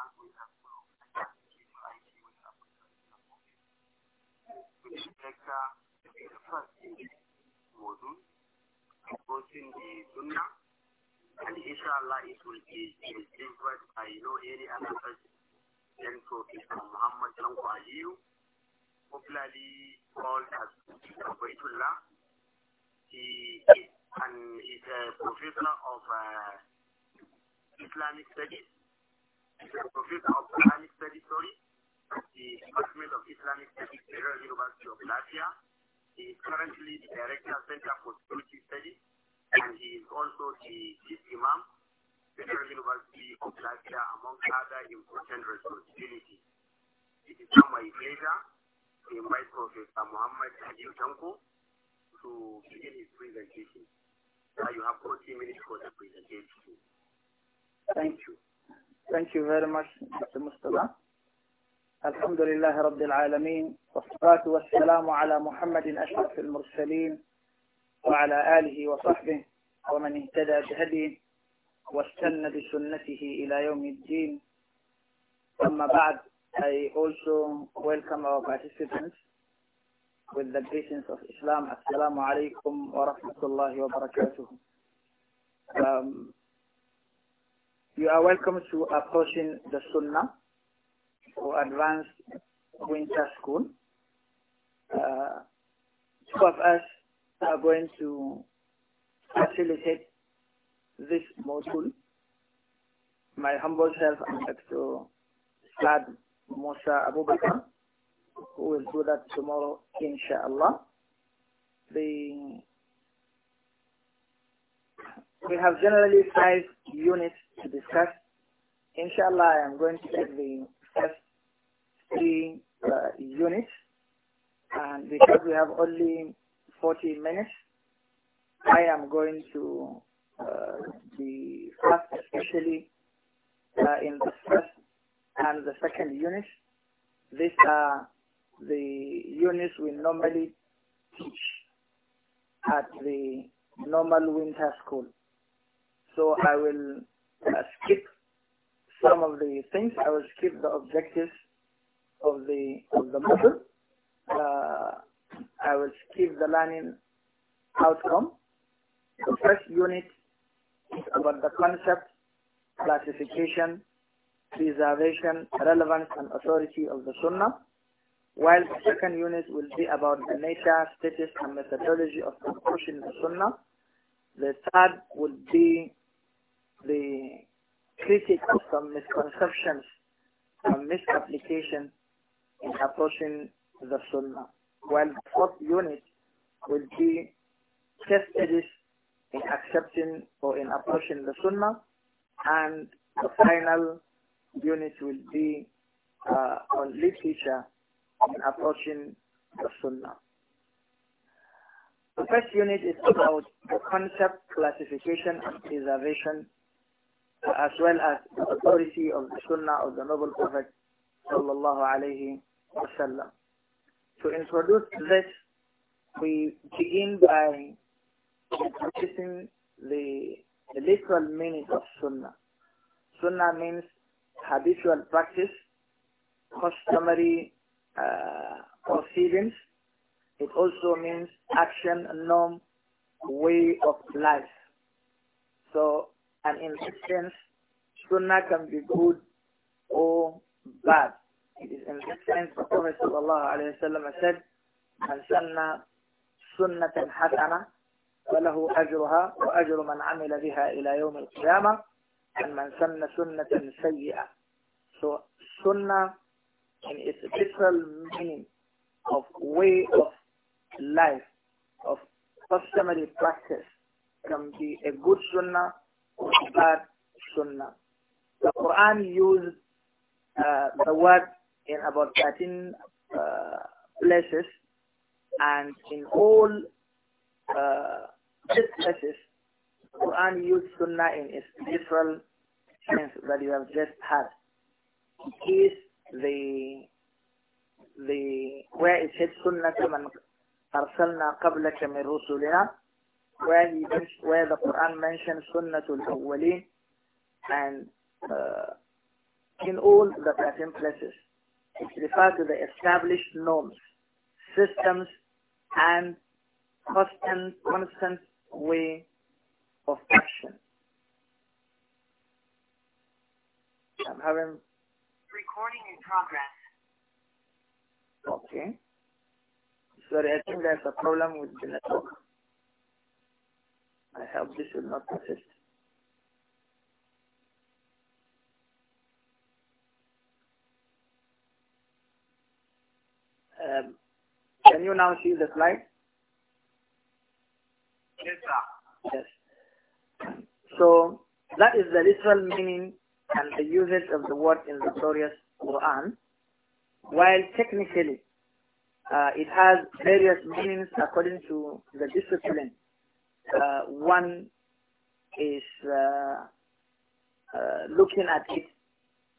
Thank the first the Sunnah and it will be delivered by no other person than Prophet Muhammad popularly called as He a professor of uh, Islamic studies is a professor of Islamic studies sorry, at the Department of Islamic Studies, Federal University of Latvia. He is currently the Director of Center for Security Studies, and he is also the Chief Imam, Federal University of Latvia, among other important responsibilities. It is now my pleasure to invite Professor Muhammad Adil Tanko to begin his presentation. Now you have 40 minutes for the presentation. Thank you. Thank you very much, Mr. Mustafa. الحمد لله رب العالمين والصلاة والسلام على محمد أشرف المرسلين وعلى آله وصحبه ومن اهتدى بهديه واستنى بسنته إلى يوم الدين أما بعد I also welcome our participants with the patience of Islam. Assalamu alaikum wa rahmatullahi wa barakatuh. You are welcome to approaching the Sunnah for advanced winter school. Uh, two of us are going to facilitate this module. My humble self and Dr. Sad Musa Abubakar, who will do that tomorrow, inshallah. The we have generally five units to discuss. Inshallah, I am going to take the first three uh, units. And because we have only 40 minutes, I am going to uh, be especially uh, in the first and the second units. These are the units we normally teach at the normal winter school. So I will uh, skip some of the things. I will skip the objectives of the of the model. Uh, I will skip the learning outcome. The first unit is about the concept, classification, preservation, relevance, and authority of the Sunnah, while the second unit will be about the nature, status, and methodology of proportion in the Sunnah. The third would be the critique of some misconceptions and misapplication in approaching the Sunnah. While the fourth unit will be test studies in accepting or in approaching the Sunnah, and the final unit will be uh, on literature in approaching the Sunnah. The first unit is about the concept, classification, and preservation as well as the authority of the Sunnah of the Noble Prophet sallallahu alaihi wasallam. To introduce this, we begin by introducing the, the literal meaning of Sunnah. Sunnah means habitual practice, customary uh, proceedings. It also means action, norm, way of life. So and in this sense, sunnah can be good or bad. It is in this sense the Prophet sallallahu said, "Man من سن سنة حسنة فله أجرها وأجر من عمل بها إلى يوم القيامة and man سن سنة سيئة. So sunnah in its literal meaning of way of life, of customary practice, can be a good sunnah Quran, Sunnah. The Quran used uh, the word in about 13 uh, places, and in all uh, these places, Quran used Sunnah in its literal sense that you have just had. It is the the where it says Sunnah man arsalna qablaka min rusulina where he where the Quran mentions Sunnatul Awwaleen and uh, in all the present places. It refers to the established norms, systems, and constant, constant way of action. I'm having... Recording in progress. Okay. Sorry, I think there's a problem with the network. I have this will not persist. Um, can you now see the slide? Yes, sir. Yes. So that is the literal meaning and the usage of the word in the glorious Quran. While technically uh, it has various meanings according to the discipline uh, one is uh, uh, looking at it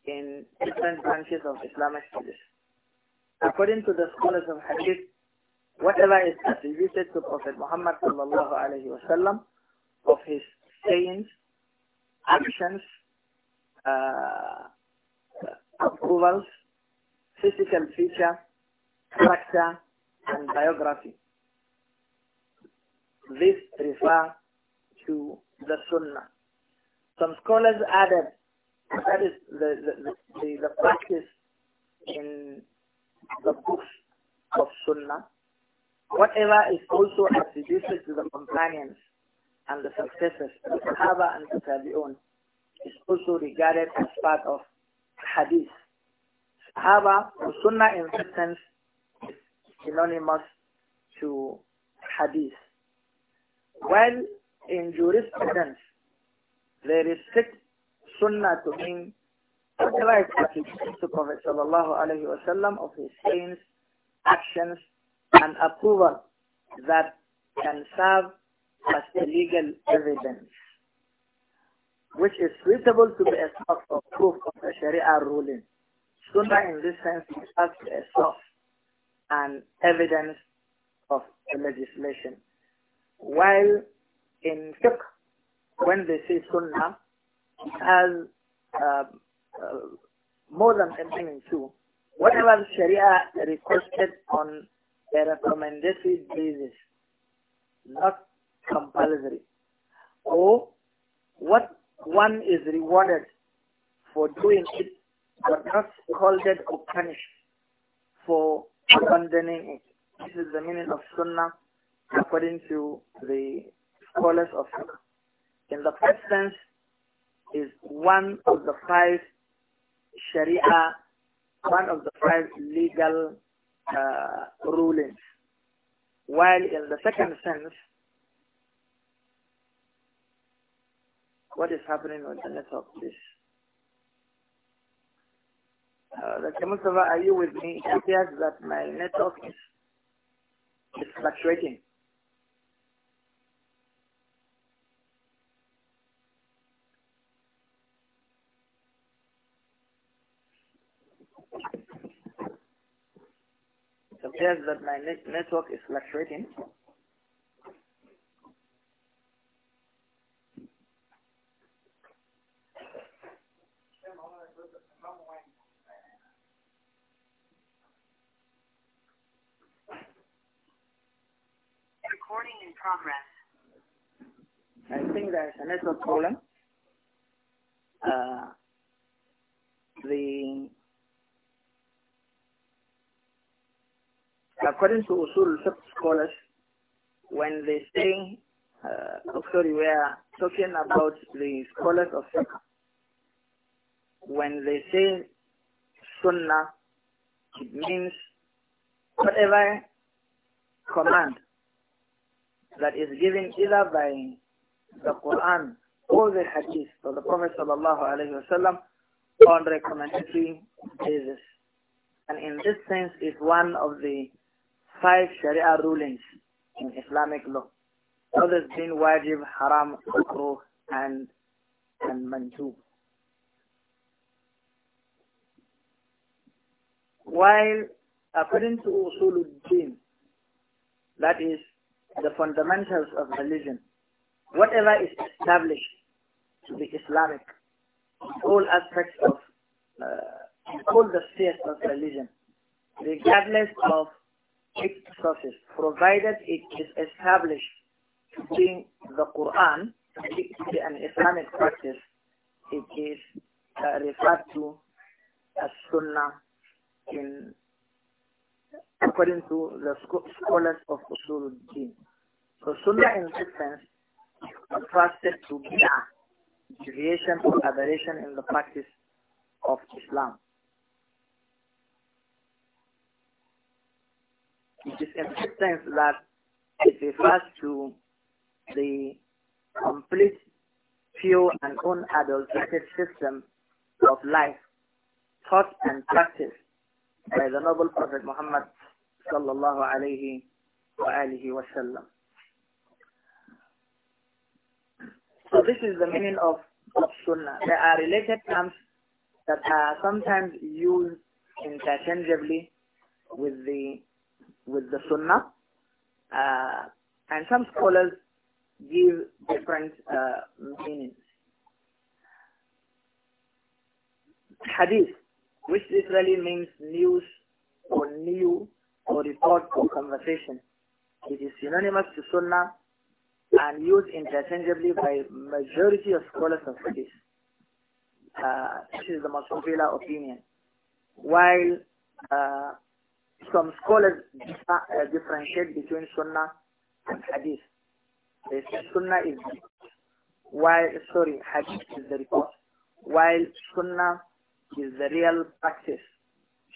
in different branches of Islamic studies. According to the scholars of Hadith, whatever is attributed to Prophet Muhammad sallallahu alaihi wasallam of his sayings, actions, uh, approvals, physical feature, character, and biography. This refers to the Sunnah. Some scholars added that is the, the, the, the practice in the books of Sunnah. Whatever is also attributed to the companions and the successors, the Sahaba and the Tabi'un, is also regarded as part of Hadith. Sahaba, Sunnah in this sense, is synonymous to Hadith. While in jurisprudence, they restrict sunnah to mean authorized attributions to Prophet sallallahu alaihi wasallam of his sayings, actions, and approval that can serve as a legal evidence, which is suitable to be a source of proof of the Sharia ruling. Sunnah in this sense is as a source and evidence of the legislation. While in fiqh, when they say sunnah, it has uh, uh, more than a in too. Whatever the Sharia requested on a recommendatory basis, not compulsory, or what one is rewarded for doing it but not scolded or punished for abandoning it. This is the meaning of sunnah according to the scholars of In the first sense, is one of the five Sharia, one of the five legal uh, rulings. While in the second sense, what is happening with the network, please? Uh, Dr. Mustafa, are you with me? It appears that my network is, is fluctuating. appears that my net network is fluctuating. Recording in progress. I think there's a network problem. Uh, the According to Usul scholars, when they say, uh, oh, sorry, we are talking about the scholars of fiqh. When they say sunnah, it means whatever command that is given either by the Quran or the Hadith of the Prophet sallallahu alaihi wasallam on recommendatory basis. And in this sense is one of the five Sharia rulings in Islamic law. Others being wajib, haram, makruh, and, and manjub. While according to Usuluddin, that is the fundamentals of religion, whatever is established to be Islamic, all aspects of, uh, all the spheres of religion, regardless of its sources, provided it is established to the Quran and Islamic practice, it is uh, referred to as Sunnah in according to the scholars of Usul Din. So Sunnah in this sense is contrasted to a deviation or aberration in the practice of Islam. It is sense that it refers to the complete, pure and unadulterated system of life taught and practiced by the noble Prophet Muhammad sallallahu alayhi wa alihi wa sallam. So this is the meaning of, of sunnah. There are related terms that are sometimes used interchangeably with the with the Sunnah. Uh, and some scholars give different uh, meanings. Hadith, which literally means news or new or report or conversation. It is synonymous to Sunnah and used interchangeably by majority of scholars of hadith. Uh, this is the most popular opinion. While uh, some scholars uh, differentiate between Sunnah and Hadith. They say Sunnah is while sorry, Hadith is the report, while Sunnah is the real practice.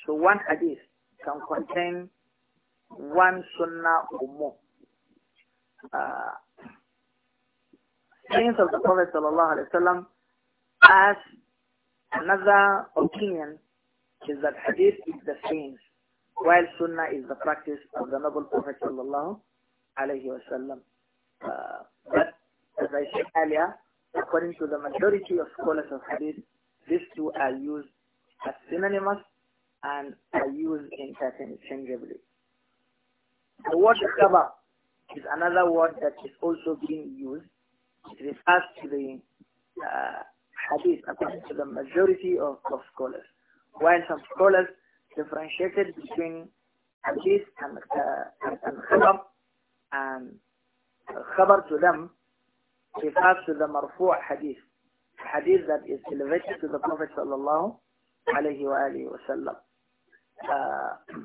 So one Hadith can contain one Sunnah or more. Uh, of the Prophet sallallahu alaihi wasallam as another opinion is that Hadith is the same. While sunnah is the practice of the noble Prophet sallallahu alayhi wasallam. Uh, but as I said earlier, according to the majority of scholars of hadith, these two are used as synonymous and are used interchangeably. The word kaba is another word that is also being used. It refers to the uh, hadith according to the majority of, of scholars. While some scholars differentiated between hadith and, uh, and khabar. And khabar to them refers to the marfu' hadith, hadith that is elevated to the Prophet sallallahu alayhi wa alihi wa sallam. Uh,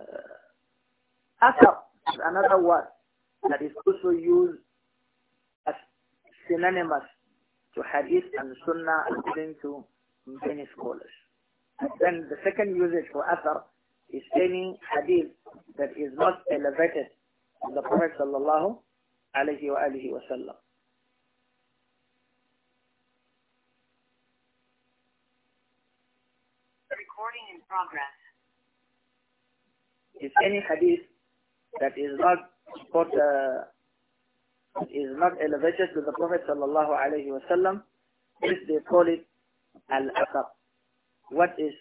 uh, is another word that is also used as synonymous to hadith and sunnah according to many scholars. Then the second usage for Athar is any hadith that is not elevated to the Prophet sallallahu alayhi wa alihi wa sallam. Recording in progress. Is any hadith that is not put, uh, is not elevated to the Prophet sallallahu alayhi wa sallam, this they call it al-Athar what is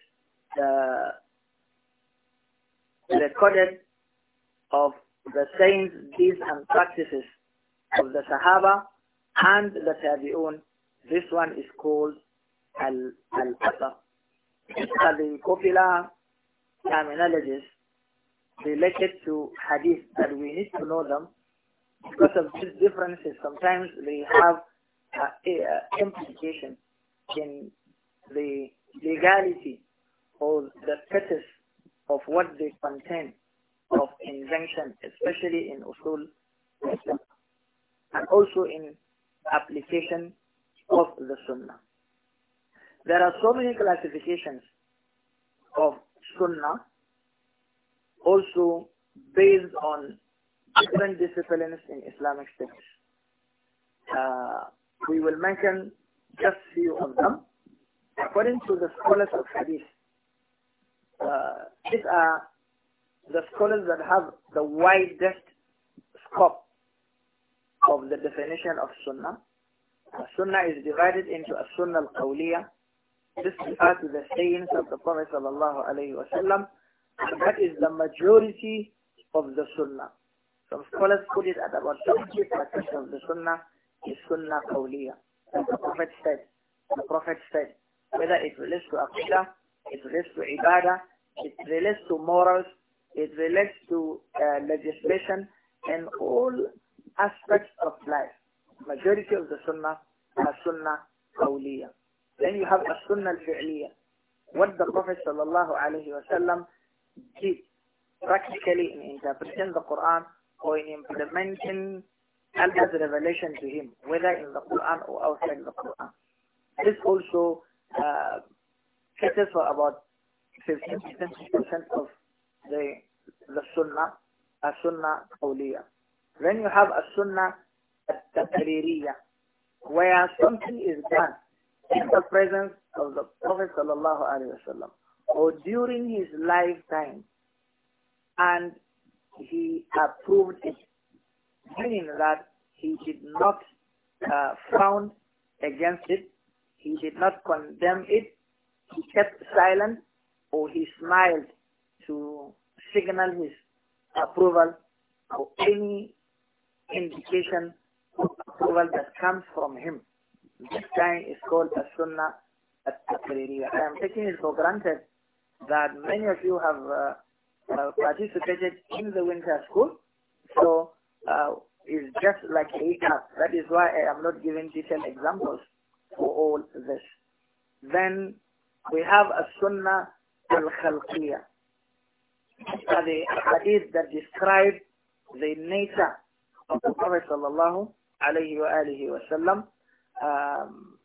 the recorded of the saints, deeds and practices of the Sahaba and the Tabi'un. This one is called Al-Asr. These are the popular terminologies related to hadith that we need to know them because of these differences. Sometimes they have uh, implication in the legality or the status of what they contain of injunction, especially in usul and also in application of the sunnah. There are so many classifications of sunnah also based on different disciplines in Islamic studies. Uh, we will mention just few of them According to the scholars of hadith, uh, these are the scholars that have the widest scope of the definition of sunnah. sunnah is divided into a sunnah al-qawliya. This refers to the sayings of the Prophet sallallahu alayhi wasallam. That is the majority of the sunnah. Some scholars put it at about 70% of the sunnah is sunnah qawliya. The Prophet said, the Prophet said, whether it relates to aqidah, it relates to ibadah, it relates to morals, it relates to uh, legislation and all aspects of life. Majority of the sunnah are sunnah qawliya. Then you have a sunnah al-fi'liya. What the Prophet sallallahu alayhi Wasallam did practically in interpreting the Quran or in implementing Allah's revelation to him, whether in the Quran or outside the Quran. This also uh, caters for about 15 percent of the the sunnah, a sunnah awliya. Then you have a sunnah at-takririya, where something is done in the presence of the Prophet sallallahu alaihi or during his lifetime, and he approved it, meaning that he did not uh, frown against it he did not condemn it. He kept silent or he smiled to signal his approval or any indication of approval that comes from him. This kind is called a sunnah at I am taking it for granted that many of you have uh, uh, participated in the winter school. So uh, it's just like a recap. That is why I am not giving detailed examples for all this. Then we have a sunnah al-khalqiyah. The hadith that describe the nature of the Prophet sallallahu alayhi wa alihi wa sallam. Um,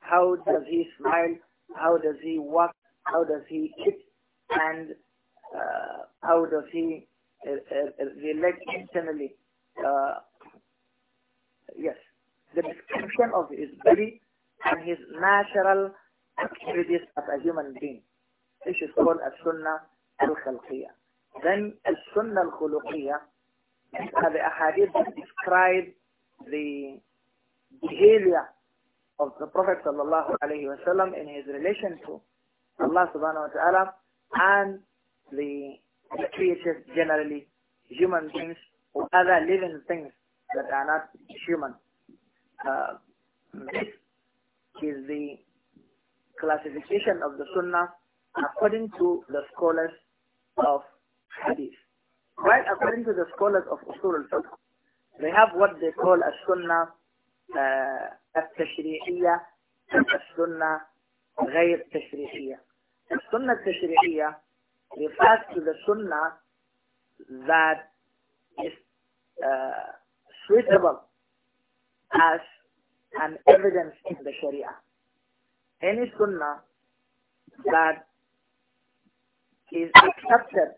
how does he smile? How does he walk? How does he eat? And uh, how does he uh, uh, relate internally? Uh, yes, the description of his body and his natural activities as a human being. This is called As-Sunnah Al-Khalqiyah. Then As-Sunnah Al-Khuluqiyah are the ahadith describe the behavior of the Prophet sallallahu alayhi wasallam in his relation to Allah subhanahu wa ta'ala and the, the creatures generally, human beings or other living things that are not human. Uh, this is the classification of the Sunnah according to the scholars of Hadith. Right, according to the scholars of Usul al-Fiqh, they have what they call a Sunnah uh, a السنة غير تشريعية السنة التشريعية refers to the sunnah that is uh, suitable as and evidence in the Sharia. Any sunnah that is accepted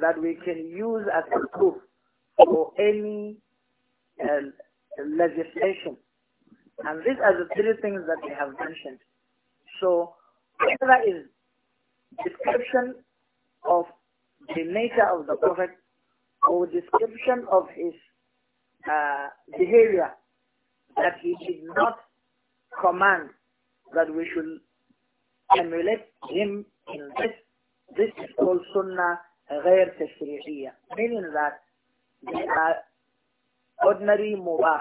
that we can use as a proof for any uh, legislation. And these are the three things that we have mentioned. So, whether is description of the nature of the Prophet or description of his uh, behavior that he did not command that we should emulate him in this. This is called Sunnah غير تشريعية meaning that they are ordinary mubah.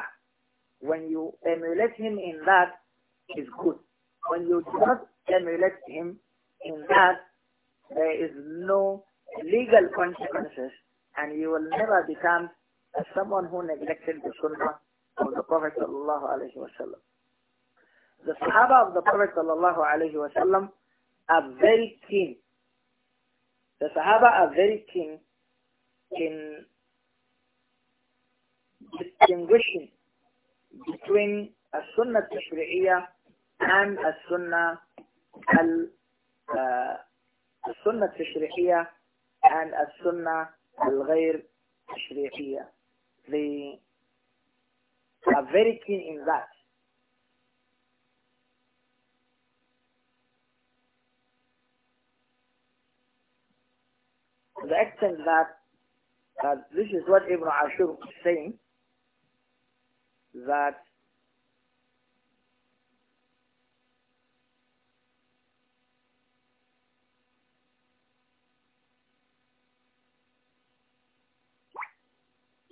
When you emulate him in that is good. When you do not emulate him in that, there is no legal consequences and you will never become someone who neglected the sunnah the Prophet sallallahu The Sahaba of the Prophet sallallahu are very keen. The Sahaba are very keen in distinguishing between a Sunnah Tashri'iyah and a Sunnah al uh, السنة التشريعية and al-Ghair تشريعية. The are very keen in that. To the extent that, that this is what Ibn Ashur is saying, that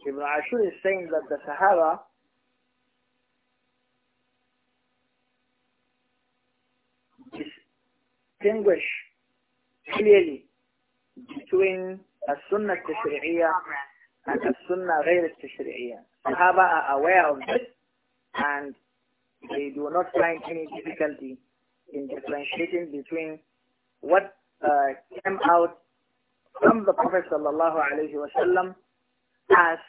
Ibn Ashur is saying that the Sahaba distinguish clearly between Sunnah التشريعية and Sunnah غير التشريعية. Sahaba are aware of this and they do not find any difficulty in differentiating between what uh, came out from the Prophet sallallahu wa sallam as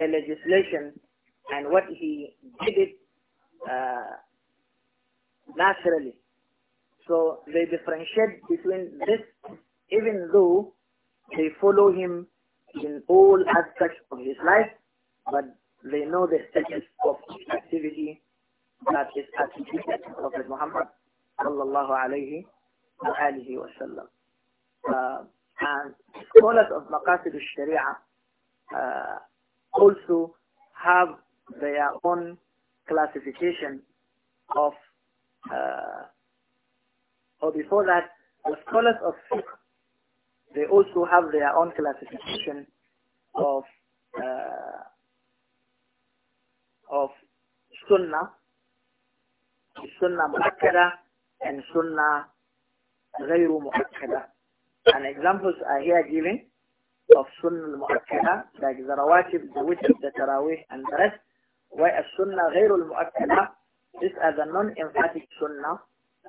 a legislation and what he did it uh, naturally so they differentiate between this even though they follow him in all aspects of his life, but they know the status of activity that is attributed to Prophet Muhammad sallallahu alayhi wa alihi wa sallam. Uh, and scholars of Maqasid al-Sharia uh, also have their own classification of uh, or before that, the scholars of fiqh, they also have their own classification of uh, of sunnah, sunnah mu'akkada and sunnah غير مؤكدة. And examples are here given of sunnah mu'akkada, like the rawatib, the witr, the tarawih, and the rest. a sunnah غير المؤكدة, is are the non-emphatic sunnah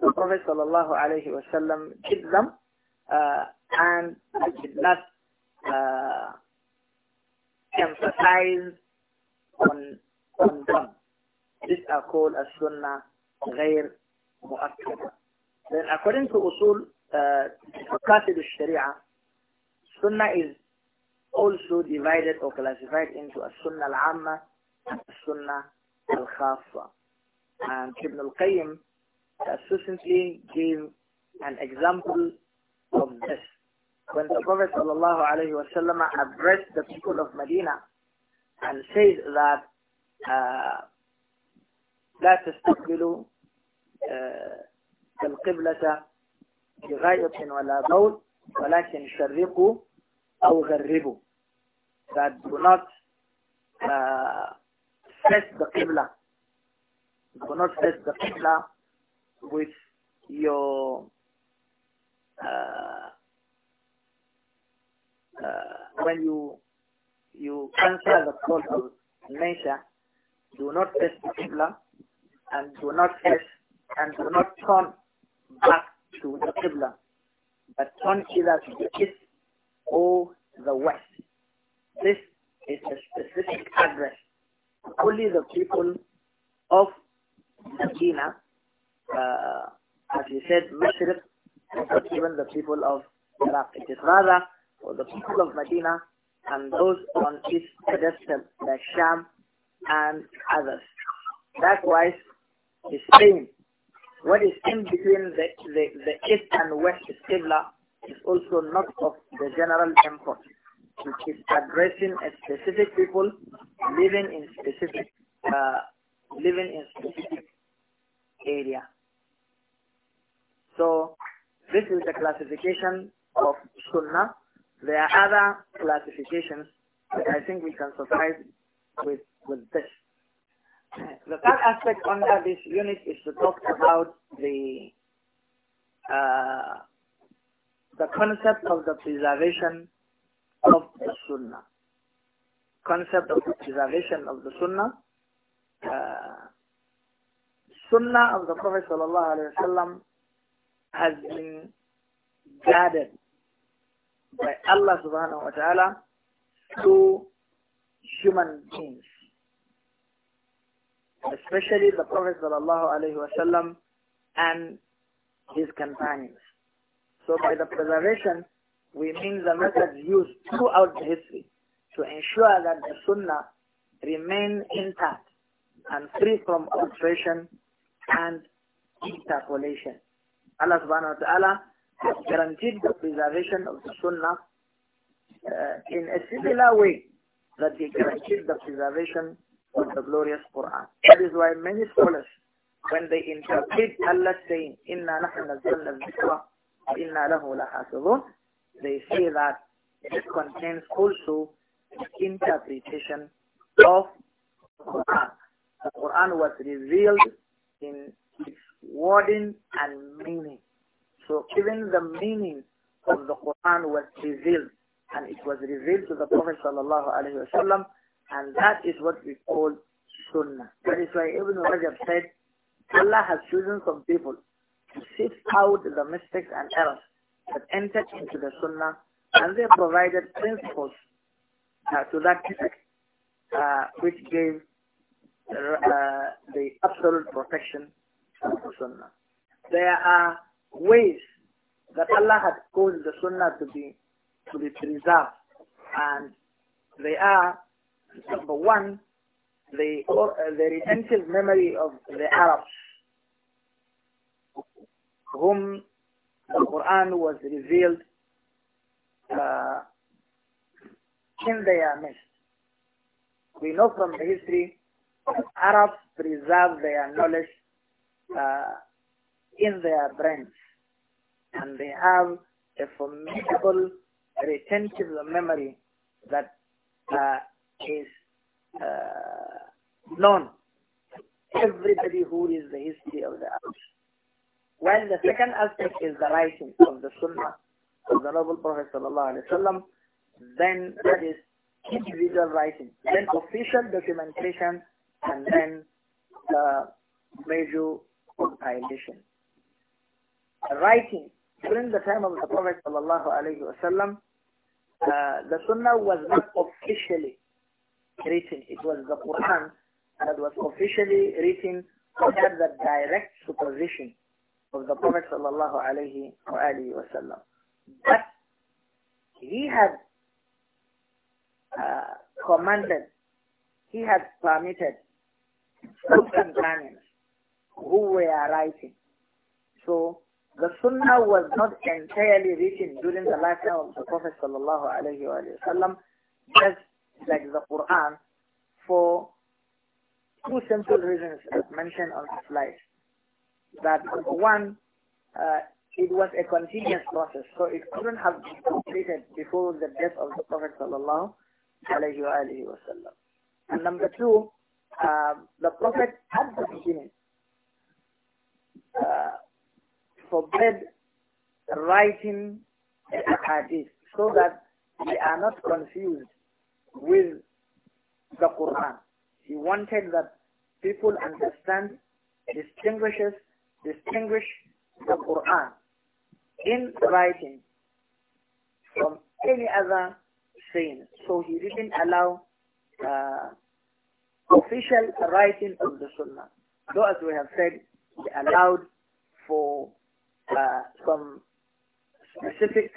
the Prophet sallallahu alayhi wa sallam did them uh, and did not uh, emphasize on, on them. This are called as sunnah غير مؤكدة. Then according to usul مقاصد uh, sharia, sunnah is also divided or classified into as sunnah al-amma and a sunnah al-khassa. And Ibn al-Qayyim succinctly gave an example of this. When the Prophet ﷺ addressed the people of Medina and said that لا تستقبلوا uh, القبلة بغائط ولا بول ولكن شرقوا أو غربوا that do not uh, face the Qibla do not face the Qibla with your uh, uh, when you you cancel the call to nature, do not face the Qibla and do not face and do not turn back to the Qibla, but turn either to the east or the west. This is a specific address. Only the people of Medina uh, as you said, Mashriq, not even the people of Iraq. It is rather for the people of Medina and those on its pedestal, like Sham and others. Likewise, is Spain. What is in between the, the, the east and west Qibla is also not of the general import, which is addressing a specific people living in specific uh, living in specific area. So this is the classification of Sunnah. There are other classifications, but I think we can suffice with, with this. The third aspect under this unit is to talk about the uh, the concept of the preservation of the Sunnah. Concept of the preservation of the Sunnah. Uh, sunnah of the Prophet sallallahu alaihi wasallam has been guarded by Allah subhanahu wa ta'ala through human beings. Especially the Prophet sallallahu alayhi wa and his companions. So by the preservation, we mean the methods used throughout the history to ensure that the sunnah remain intact and free from alteration and interpolation. Allah subhanahu wa ta'ala has guaranteed the preservation of the sunnah uh, in a similar way that he guaranteed the preservation of the glorious Quran. That is why many scholars, when they interpret Allah saying, Inna nahnu nazzalna dhikra inna lahu lahafizun, they say that it contains also interpretation of the Quran. The Quran was revealed in its wording and meaning. So even the meaning of the Quran was revealed and it was revealed to the Prophet sallallahu and that is what we call sunnah. That is why Ibn Rajab said, Allah has chosen some people to sift out the mistakes and errors that entered into the sunnah and they provided principles uh, to that effect, uh, which gave uh, the absolute protection Sunnah. There are ways that Allah had caused the Sunnah to be to be preserved, and they are number one, the the retentive memory of the Arabs, whom the Quran was revealed uh, in their midst. We know from the history Arabs preserve their knowledge uh, in their brains and they have a formidable retentive memory that uh, is uh, known everybody who is the history of the Arabs. While the second aspect is the writing of the Sunnah of the Noble Prophet Sallallahu Alaihi Wasallam, then that is individual writing, then official documentation, and then the uh, major compilation. Writing during the time of the Prophet sallallahu alaihi wasallam, uh, the Sunnah was not officially written. It was the Quran that was officially written under the direct supervision of the Prophet sallallahu alaihi wasallam. But he had uh, commanded, he had permitted some companions who were writing. So the Sunnah was not entirely written during the lifetime of the Prophet sallallahu wa wasallam, just like the Quran, for two simple reasons as mentioned on the slide. That one, uh, it was a continuous process, so it couldn't have been completed before the death of the Prophet sallallahu wa wasallam. And number two, uh, the Prophet at the beginning uh, Forbid writing hadith so that they are not confused with the Quran. He wanted that people understand, distinguishes, distinguish the Quran in writing from any other saying. So he didn't allow uh, official writing of the Sunnah. Though as we have said, they allowed for uh, some specific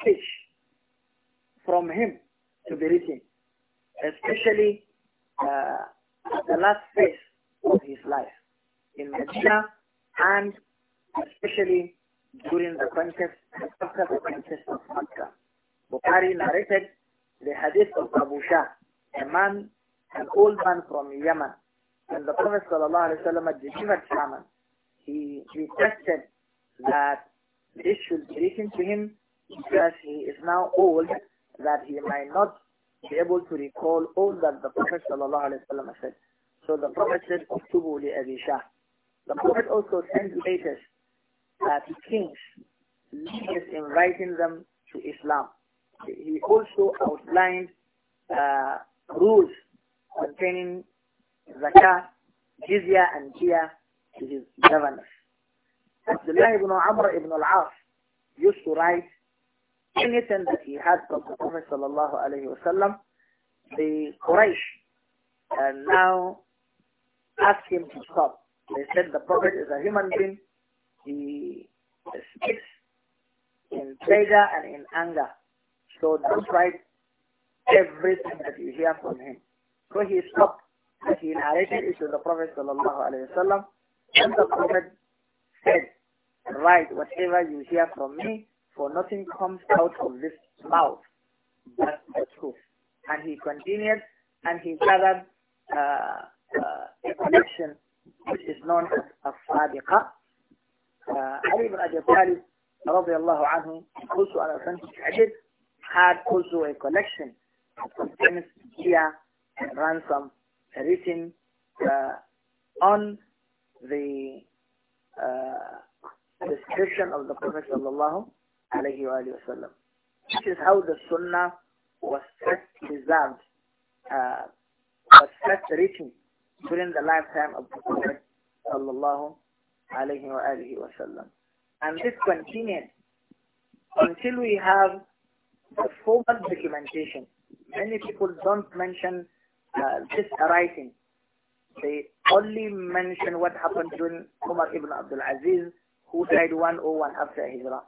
speech from him to be written, especially uh, the last phase of his life in Medina and especially during the conquest, after the conquest of Makkah. Bukhari narrated the hadith of Abu Shah, a man, an old man from Yemen, when the Prophet ﷺ delivered Haman, he requested that this should be written to him because he is now old that he might not be able to recall all that the Prophet ﷺ said. So the Prophet said, Uktubu li Abishah. The Prophet also sent letters that to kings, leaders inviting them to Islam. He also outlined uh, rules containing zakah, jizya and jia to his governors. Abdullah ibn Amr ibn al-As used to write anything that he had from the Prophet sallallahu alayhi wa sallam, the Quraysh and uh, now asked him to stop. They said the Prophet is a human being. He speaks in pleasure and in anger. So don't write everything that you hear from him. So he stopped that he narrated it to the Prophet sallallahu and the Prophet said, Write whatever you hear from me, for nothing comes out of this mouth but the truth. And he continued, and he gathered uh, uh, a collection which is known as al sadiqa uh, Ali ibn Abi Talib, radiallahu anhu, also an authentic hadith, had also a collection of contains gear and ransom written uh, on the uh, description of the Prophet sallallahu alayhi wa sallam. This is how the Sunnah was first preserved, uh, was first written during the lifetime of the Prophet sallallahu alayhi wa wa sallam. And this continued until we have the formal documentation. Many people don't mention uh, this writing, they only mention what happened during Umar ibn Abdul Aziz, who died 101 after Hijrah.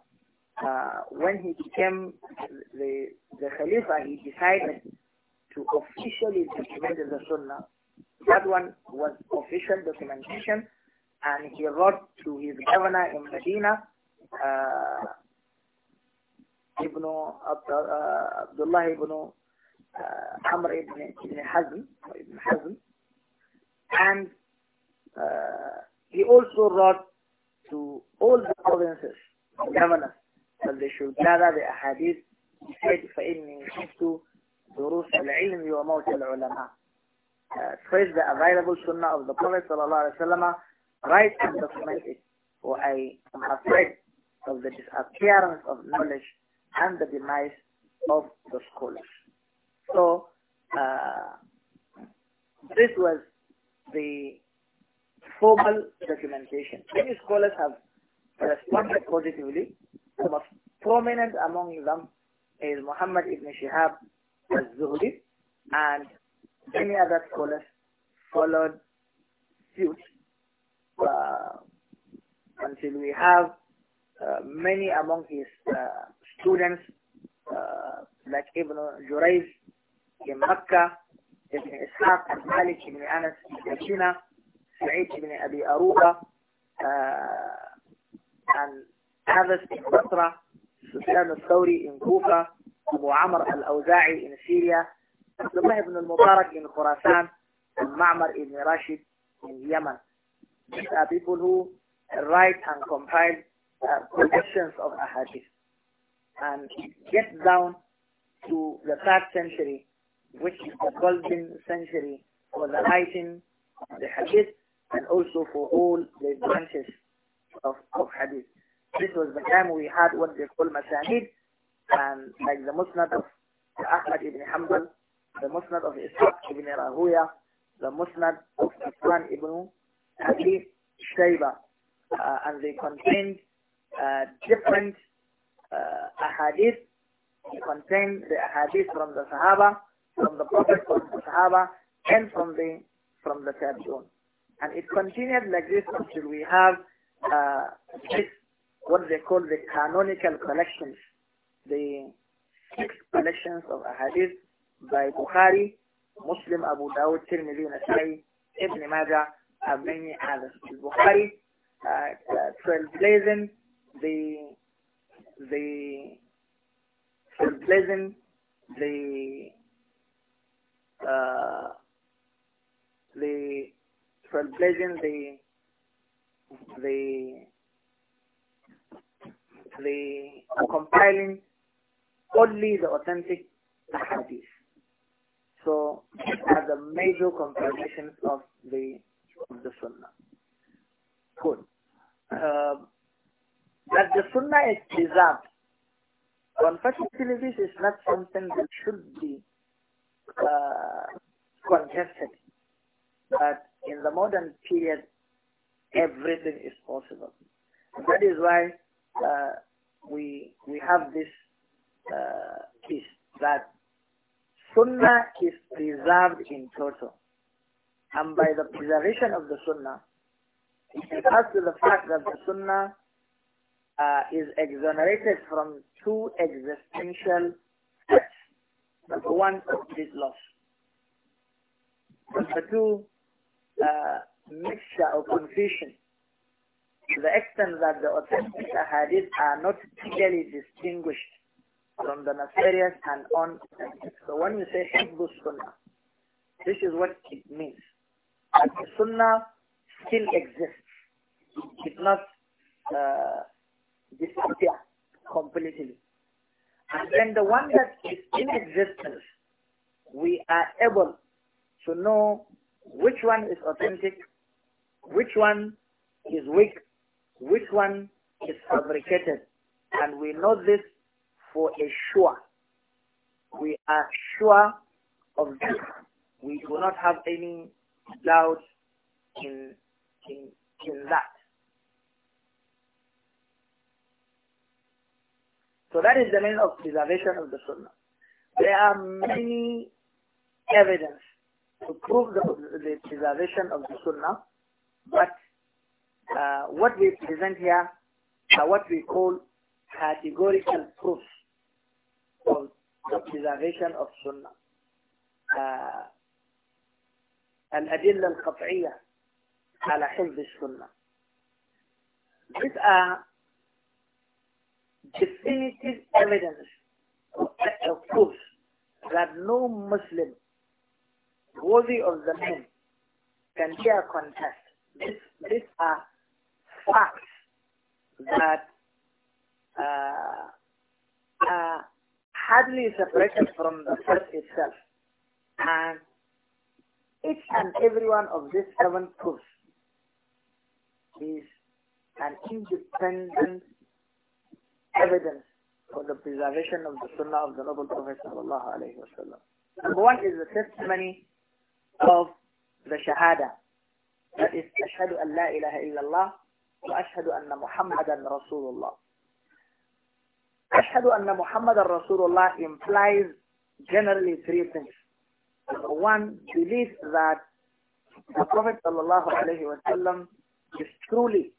Uh, when he became the, the Khalifa, he decided to officially document the Sunnah. That one was official documentation, and he wrote to his governor in Medina, uh, Ibn Abd, uh, Abdullah ibn uh, Amr ibn, ibn Hazm, or Ibn Hazm, and uh, he also wrote to all the provinces, governors, that they should gather the ahadith. He said, فَإِنِّي خِفْتُ دُرُوسَ الْعِلْمِ وَمَوْتَ الْعُلَمَاءِ uh, trace the available sunnah of the Prophet ﷺ, write and document it, for I am afraid of the disappearance of knowledge and the demise of the scholars. So uh, this was the formal documentation. Many scholars have responded positively. The most prominent among them is Muhammad ibn Shihab al-Zuhri and many other scholars followed suit uh, until we have uh, many among his uh, students uh, like Ibn Jurayz بن مكة ابن إسحاق المالك بن أنس بن سعيد بن أبي أروبة آه، عن حارث بن بصرة سفيان الثوري إن كوفة أبو عمر الأوزاعي إن سيريا عبد الله بن المبارك إن خراسان معمر بن راشد in اليمن These are people who write and compile uh, collections of ahadith. And get down to the third century which is the golden century for the writing of the hadith and also for all the branches of, of hadith. This was the time we had what they call masanid, and like the musnad of the Ahmad ibn Hanbal, the musnad of Ishaq ibn Rahuya, the musnad of Isran ibn Ali Shayba, uh, and they contained uh, different uh, ahadith. They contained the ahadith from the Sahaba, from the Prophet, from the Sahaba, and from the from the Tabi'un. And it continued like this until we have uh, what they call the canonical collections, the six collections of ahadith by Bukhari, Muslim, Abu Dawud, Tirmidhi, Nasai, Ibn Majah, and many others. Bukhari uh, uh, the the the uh, the trailblazing the the the compiling only the authentic hadith. So these are the major compilations of the of the Sunnah. Good. Uh, um, that the Sunnah is preserved. Unfortunately, this is not something that should be uh, congested. But in the modern period, everything is possible. that is why uh, we we have this uh, is that sunnah is preserved in total, and by the preservation of the sunnah, it refers to the fact that the sunnah uh, is exonerated from two existential Number one, complete loss. Number two, uh, mixture or confusion to the extent that the authentic hadith are not clearly distinguished from the nefarious and unauthentic. So when you say Hibbu Sunnah, this is what it means. That the Sunnah still exists. It did not uh, disappear completely. And then the one that is in existence, we are able to know which one is authentic, which one is weak, which one is fabricated. And we know this for a sure. We are sure of this. We do not have any doubt in, in, in that. So that is the meaning of preservation of the sunnah. There are many evidence to prove the, the preservation of the sunnah, but uh, what we present here are what we call categorical proofs of the preservation of sunnah. Uh, الأدلة القطعية على حفظ السنة. These are definitive evidence of proof that no Muslim worthy of the name can dare contest. This, these are facts that uh, are hardly separated from the first itself. And each and every one of these seven proofs is an independent evidence for the preservation of the Sunnah of the Noble Prophet sallallahu alayhi wa sallam. Number one is the testimony of the Shahada. That is, أشهد أن لا إله إلا الله وأشهد أن محمدا رسول الله. أشهد أن محمدا رسول الله implies generally three things. Number one, belief that the Prophet sallallahu alayhi wa sallam is truly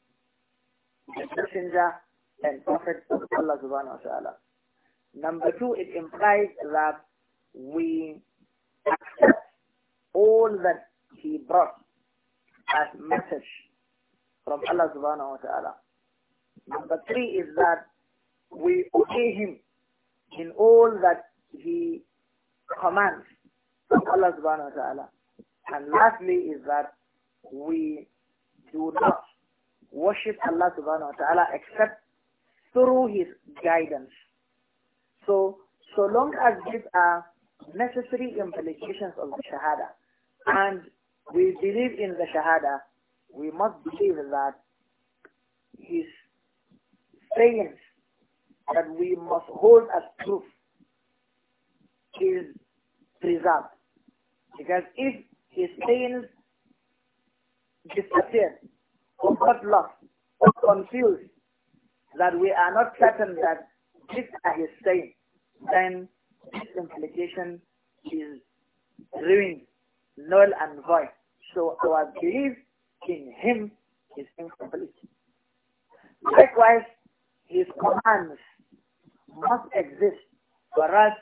the messenger and Prophet of Allah subhanahu wa ta'ala. Number two, it implies that we accept all that he brought as message from Allah subhanahu wa ta'ala. Number three is that we obey him in all that he commands from Allah subhanahu wa ta'ala. And lastly is that we do not worship Allah subhanahu wa ta'ala except through his guidance. So, so long as these are necessary implications of the Shahada, and we believe in the Shahada, we must believe that his sayings that we must hold as proof is preserved. Because if his sayings disappear, or got lost, or confused, that we are not certain that these are his saying, then this implication is ruined, null and void. So our belief in him is incomplete. Likewise, his commands must exist for us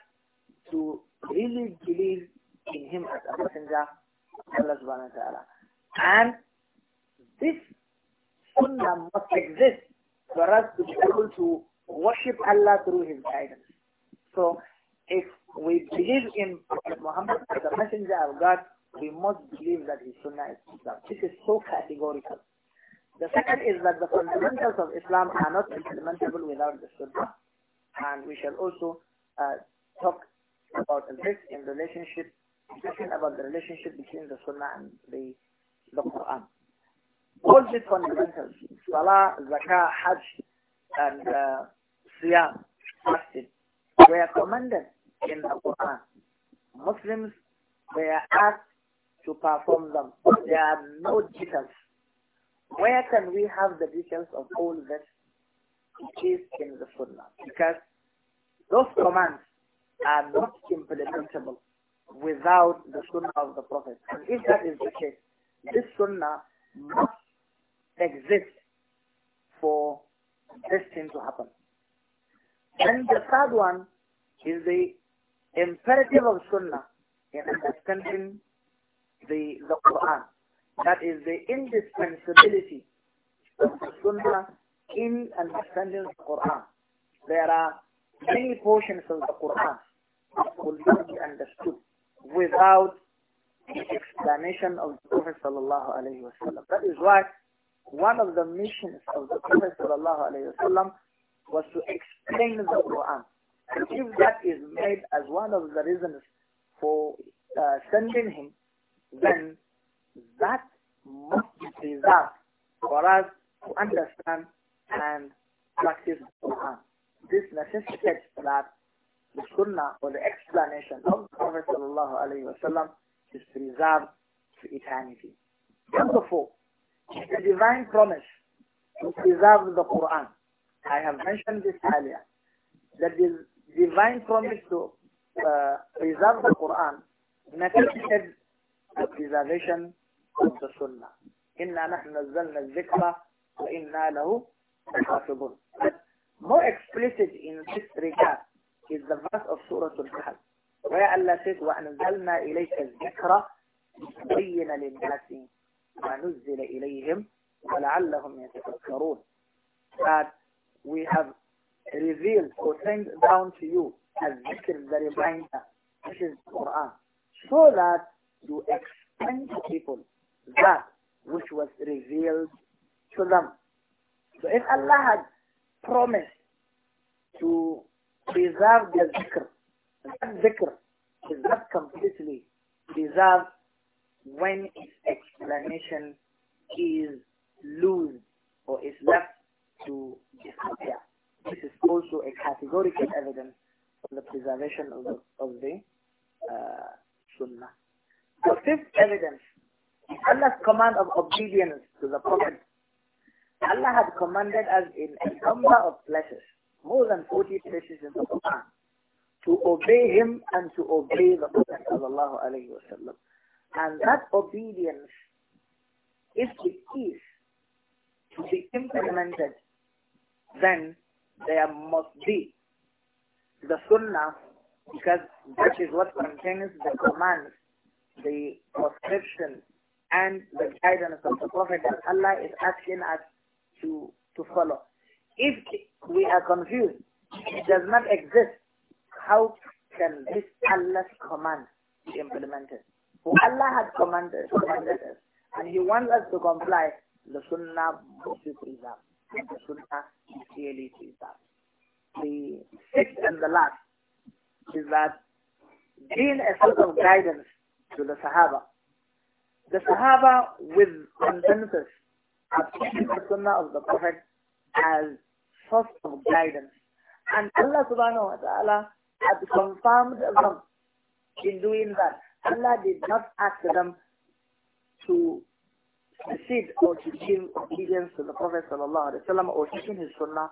to really believe in him as a messenger Allah subhanahu wa ta'ala. And this sunnah must exist for us to be able to worship Allah through His guidance. So if we believe in Muhammad as the messenger of God, we must believe that his sunnah is Islam. This is so categorical. The second is that the fundamentals of Islam are not implementable without the sunnah. And we shall also uh, talk about this in relationship, discussion about the relationship between the sunnah and the, the Quran. All these fundamental Salah, Zakah, Hajj, and uh, Siyam, fasting, were commanded in the Quran. Muslims were asked to perform them, but there are no details. Where can we have the details of all this? It is in the Sunnah, because those commands are not implementable without the Sunnah of the Prophet. And if that is the case, this Sunnah must exist for this thing to happen. And the third one is the imperative of Sunnah in understanding the, the Quran. That is the indispensability of the Sunnah in understanding the Quran. There are many portions of the Quran that will not be understood without the explanation of the Prophet That is why one of the missions of the Prophet ﷺ was to explain the Quran. And if that is made as one of the reasons for uh, sending him, then that must be preserved for us to understand and practice the Quran. This necessitates that the Sunnah or the explanation of the Prophet ﷺ is preserved to eternity. Number four, the a divine promise to preserve the Quran. I have mentioned this earlier. That the divine promise to uh, preserve the Quran necessitated the preservation of the Sunnah. إِنَّا zikra wa inna lahu لَهُ لَحَافِظُونَ More explicit in this regard is the verse of Surah Al-Kahf, where Allah says, وَأَنزَلْنَا إِلَيْكَ الذِّكْرَ لِتُبَيِّنَ لِلنَّاسِ ما نزل إليهم ولعلهم يتفكرون that we have revealed or sent down to you as dhikr, the reminder, which is Quran, so that you explain to people that which was revealed to them. So if Allah had promised to preserve the zikr that zikr is not completely preserved when its explanation is loose or is left to disappear. This is also a categorical evidence for the preservation of the, of the uh, Sunnah. The fifth evidence is Allah's command of obedience to the Prophet. Allah had commanded us in a number of places, more than 40 places in the Quran, to obey Him and to obey the Prophet sallallahu alaihi and that obedience, if key to be implemented, then there must be the sunnah because that is what contains the command, the prescription, and the guidance of the Prophet that Allah is asking us to, to follow. If we are confused, it does not exist, how can this Allah's command be implemented? Allah has commanded, commanded us, and He wants us to comply. The Sunnah must be preserved. The Sunnah is clearly preserved. The sixth and the last is that being a sort of guidance to the Sahaba. The Sahaba with consensus have taken the Sunnah of the Prophet as source of guidance. And Allah subhanahu wa ta'ala has confirmed them in doing that. Allah did not ask them to proceed or to give obedience to the Prophet sallallahu alaihi wasallam or to his sunnah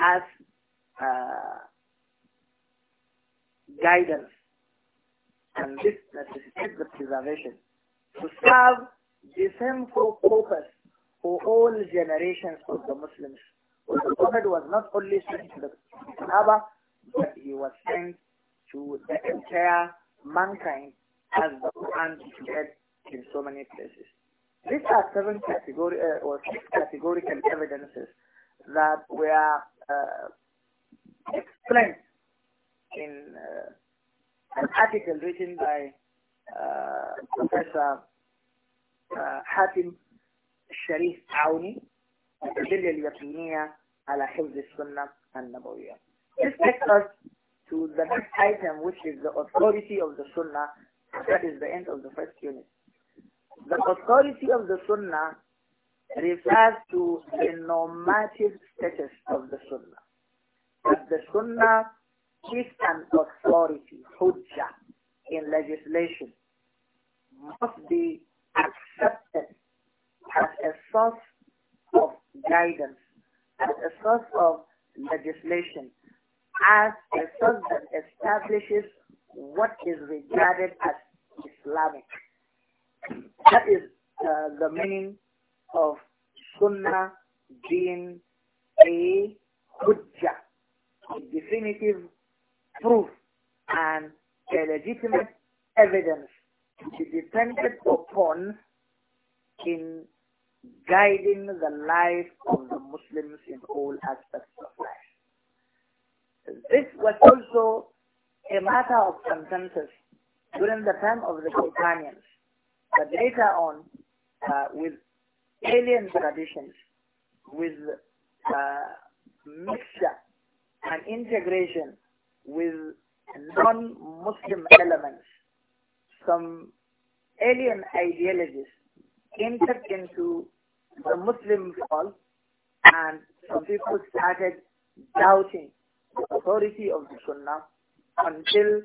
as uh, guidance. And this necessitates the preservation to serve the same purpose for all generations of the Muslims. Well, the Prophet was not only sent to the Sahaba, but he was sent to the entire mankind as the Quran in so many places. These are seven category uh, or six categorical evidences that were uh, explained in uh, an article written by uh, Professor uh, Hatim Sharif Aouni, الأدلة اليقينية على حفظ السنة النبوية. This takes us to the next item which is the authority of the Sunnah that is the end of the first unit. The authority of the Sunnah refers to the normative status of the Sunnah. That the Sunnah is an authority, hujjah, in legislation, must be accepted as a source of guidance, as a source of legislation, as a source that establishes what is regarded as Islamic. That is uh, the meaning of Sunnah being a hujjah, a definitive proof and a legitimate evidence to be depended upon in guiding the life of the Muslims in all aspects of life. This was also a matter of consensus during the time of the companions, but later on, uh, with alien traditions, with uh, mixture and integration with non-Muslim elements, some alien ideologies entered into the Muslim world and some people started doubting the authority of the Sunnah until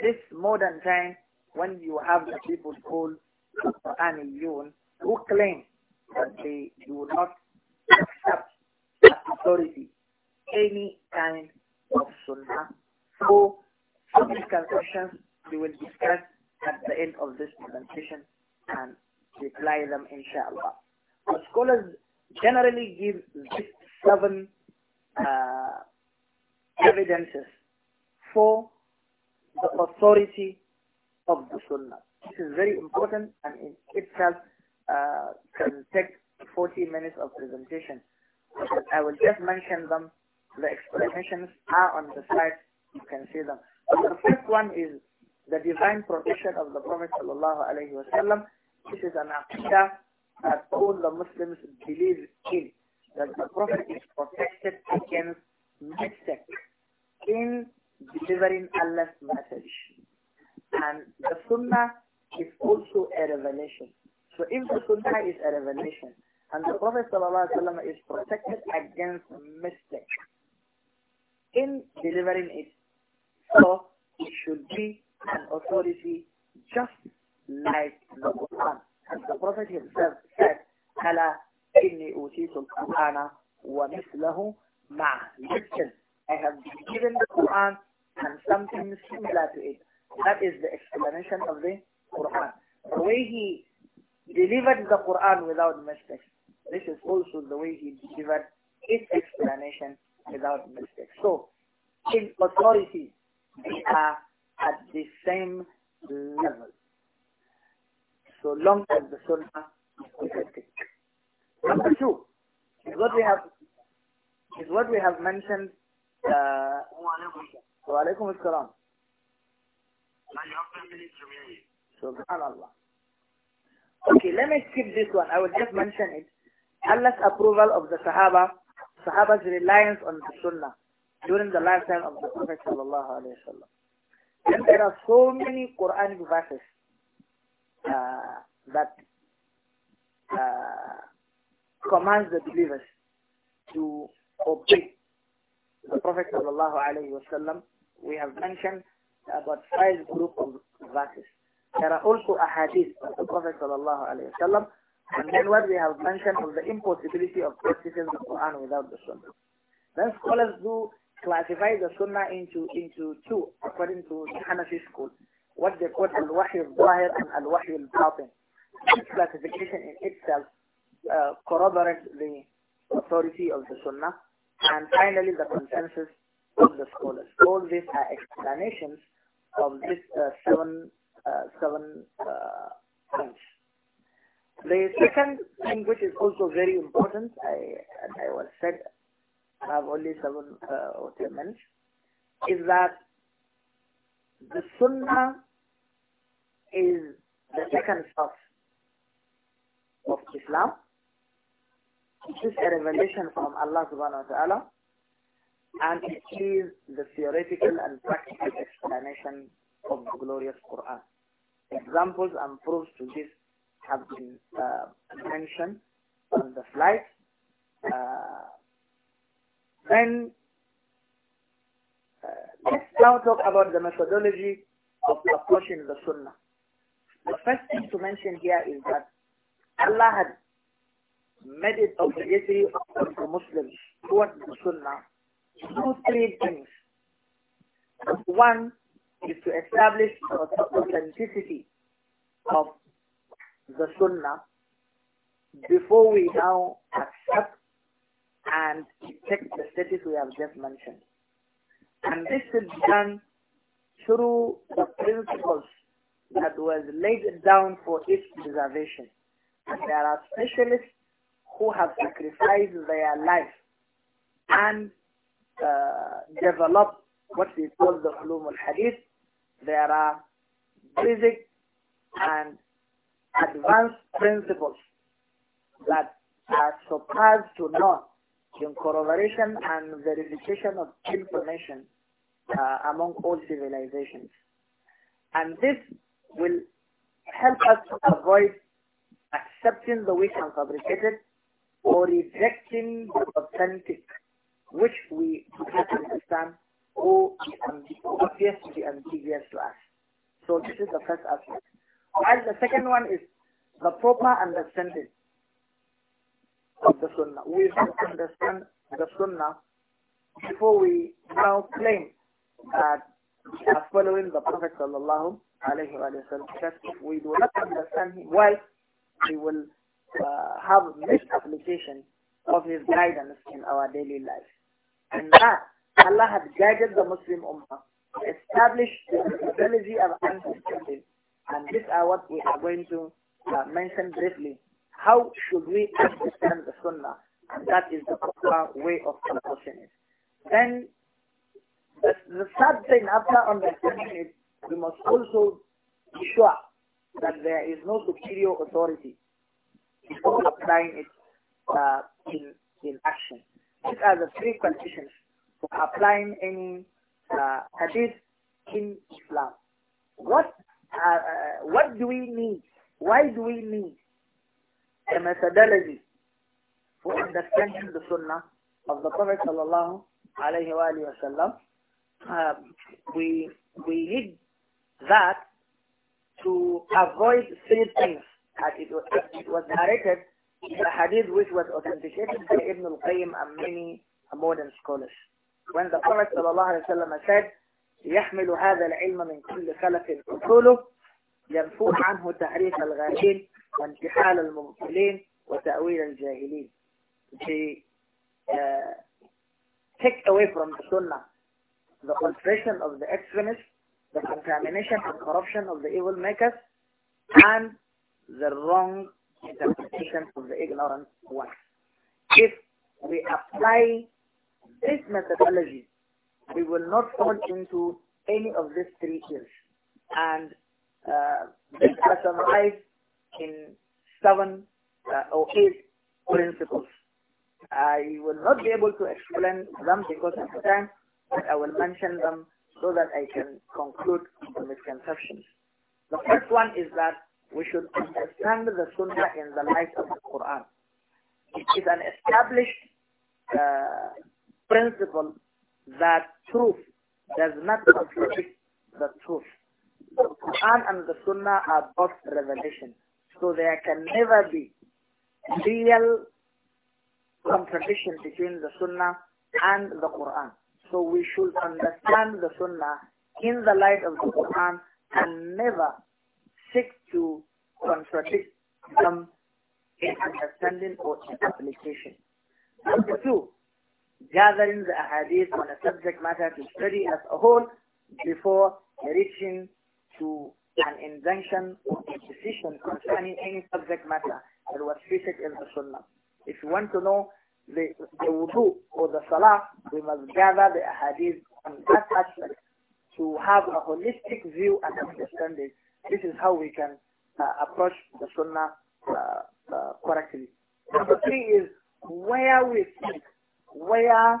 this modern time, when you have the people called Qur'aniyun, who claim that they do not accept authority any kind of sunnah. So, some misconceptions we will discuss at the end of this presentation and reply them inshallah. The scholars generally give these seven uh, evidences for the authority of the Sunnah. This is very important and in itself uh, can take 40 minutes of presentation. I will just mention them. The explanations are on the site. You can see them. The first one is the divine protection of the Prophet sallallahu alaihi wasallam. This is an aqidah that all the Muslims believe in. That the Prophet is protected against mistake in delivering Allah's message. And the Sunnah is also a revelation. So if the Sunnah is a revelation, and the Prophet ﷺ is protected against mistake in delivering it, so it should be an authority just like the Quran. as the Prophet himself said, Allah إِنِّي أُوتِيتُ الْقُرْآنَ وَمِثْلَهُ مَعَ Listen, I have given the Quran and something similar to it. That is the explanation of the Quran. The way he delivered the Quran without mistakes. This is also the way he delivered its explanation without mistakes. So, in authority, they are at the same level. So long as the sunnah is authentic. Number two is what we have is what we have mentioned uh, وعليكم السلام Subhanallah. Okay, let me skip this one. I will just mention it. Allah's approval of the Sahaba, Sahaba's reliance on the Sunnah during the lifetime of the Prophet sallallahu alaihi wasallam. And there are so many Quranic verses uh, that uh, commands the believers to obey the Prophet sallallahu alaihi wasallam we have mentioned about five group of verses. There are also ahadith of the Prophet sallallahu wa sallam. and then what we have mentioned was the impossibility of practicing the Quran without the Sunnah. Then scholars do classify the Sunnah into into two according to the Hanafi school, what they call al-wahy al-zahir and al-wahy al-batin. This classification in itself uh, corroborates the authority of the Sunnah, and finally the consensus from the scholars. All these are explanations of these uh, seven uh, seven uh, points. The second thing, which is also very important, I I was said I have only seven uh, or ten minutes, is that the sunnah is the second source of Islam. It is a revelation from Allah subhanahu wa ta'ala and it is the theoretical and practical explanation of the glorious Quran. Examples and proofs to this have been uh, mentioned on the slide. Uh, then uh, let's now talk about the methodology of approaching the Sunnah. The first thing to mention here is that Allah had made it obligatory for the Muslims towards the Sunnah Two three things. One is to establish the authenticity of the sunnah before we now accept and check the status we have just mentioned. And this is done through the principles that was laid down for its preservation. there are specialists who have sacrificed their life and uh, develop what we call the ulum al-hadith. There are basic and advanced principles that are supposed to know in corroboration and verification of information uh, among all civilizations. And this will help us to avoid accepting the weak and fabricated or rejecting the authentic which we have to understand or appears to be ambiguous to us. So this is the first aspect. And the second one is the proper understanding of the Sunnah. We must understand the Sunnah before we now claim that we are following the Prophet sallallahu alayhi wa sallam. if we do not understand him well, we will uh, have misapplication of his guidance in our daily life. And that Allah had guided the Muslim Ummah to establish the methodology of understanding. And these are what we are going to uh, mention briefly. How should we understand the Sunnah? And that is the proper way of it. Then the, the third thing after understanding it, we must also be sure that there is no superior authority before applying it uh, in, in action. These are the three conditions for applying any uh, hadith in Islam. What uh, uh, what do we need? Why do we need a methodology for understanding the Sunnah of the Prophet sallallahu alaihi wasallam? Um, we we need that to avoid three things that it was, it was narrated the hadith which was authenticated by Ibn al-Qayyim and many modern scholars. When the Prophet ﷺ said, يحمل هذا العلم من كل خلف أصوله ينفوح عنه تحريف الغالين وانتحال المبطلين وتأويل الجاهلين. They uh, take away from the Sunnah the alteration of the extremists, the contamination and corruption of the evil makers, and the wrong interpretation of the ignorance one. If we apply this methodology, we will not fall into any of these three ills. And uh, this are summarized in seven uh, or eight principles. I will not be able to explain them because of the time, but I will mention them so that I can conclude the misconceptions. The first one is that we should understand the Sunnah in the light of the Quran. It is an established uh, principle that truth does not contradict the truth. The Quran and the Sunnah are both revelation. So there can never be real contradiction between the Sunnah and the Quran. So we should understand the Sunnah in the light of the Quran and never seeks to contradict some in understanding or in application. Number two, gathering the ahadith on a subject matter to study as a whole before reaching to an injunction or a decision concerning any subject matter that was treated in the Sunnah. If you want to know the, the wudu or the salah, we must gather the ahadith on that aspect to have a holistic view and understanding this is how we can uh, approach the sunnah uh, uh, correctly. Number three is where we think, where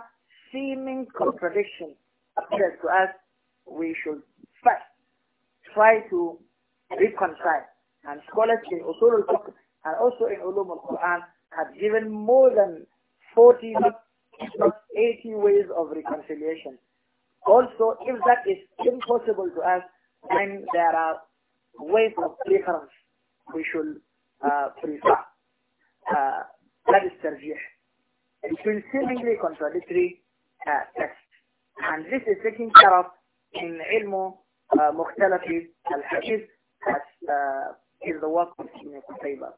seeming contradiction appears to us, we should first try to reconcile. And scholars in Usul al and also in Ulum al-Quran have given more than 40, not 80 ways of reconciliation. Also, if that is impossible to us, then there are ways of preference we should uh, prefer. Uh, that is tarjih. Between seemingly contradictory uh, And this is taking care of in Ilmu uh, Mukhtalafi al-Hadith as uh, is the work of Ibn Qutayba.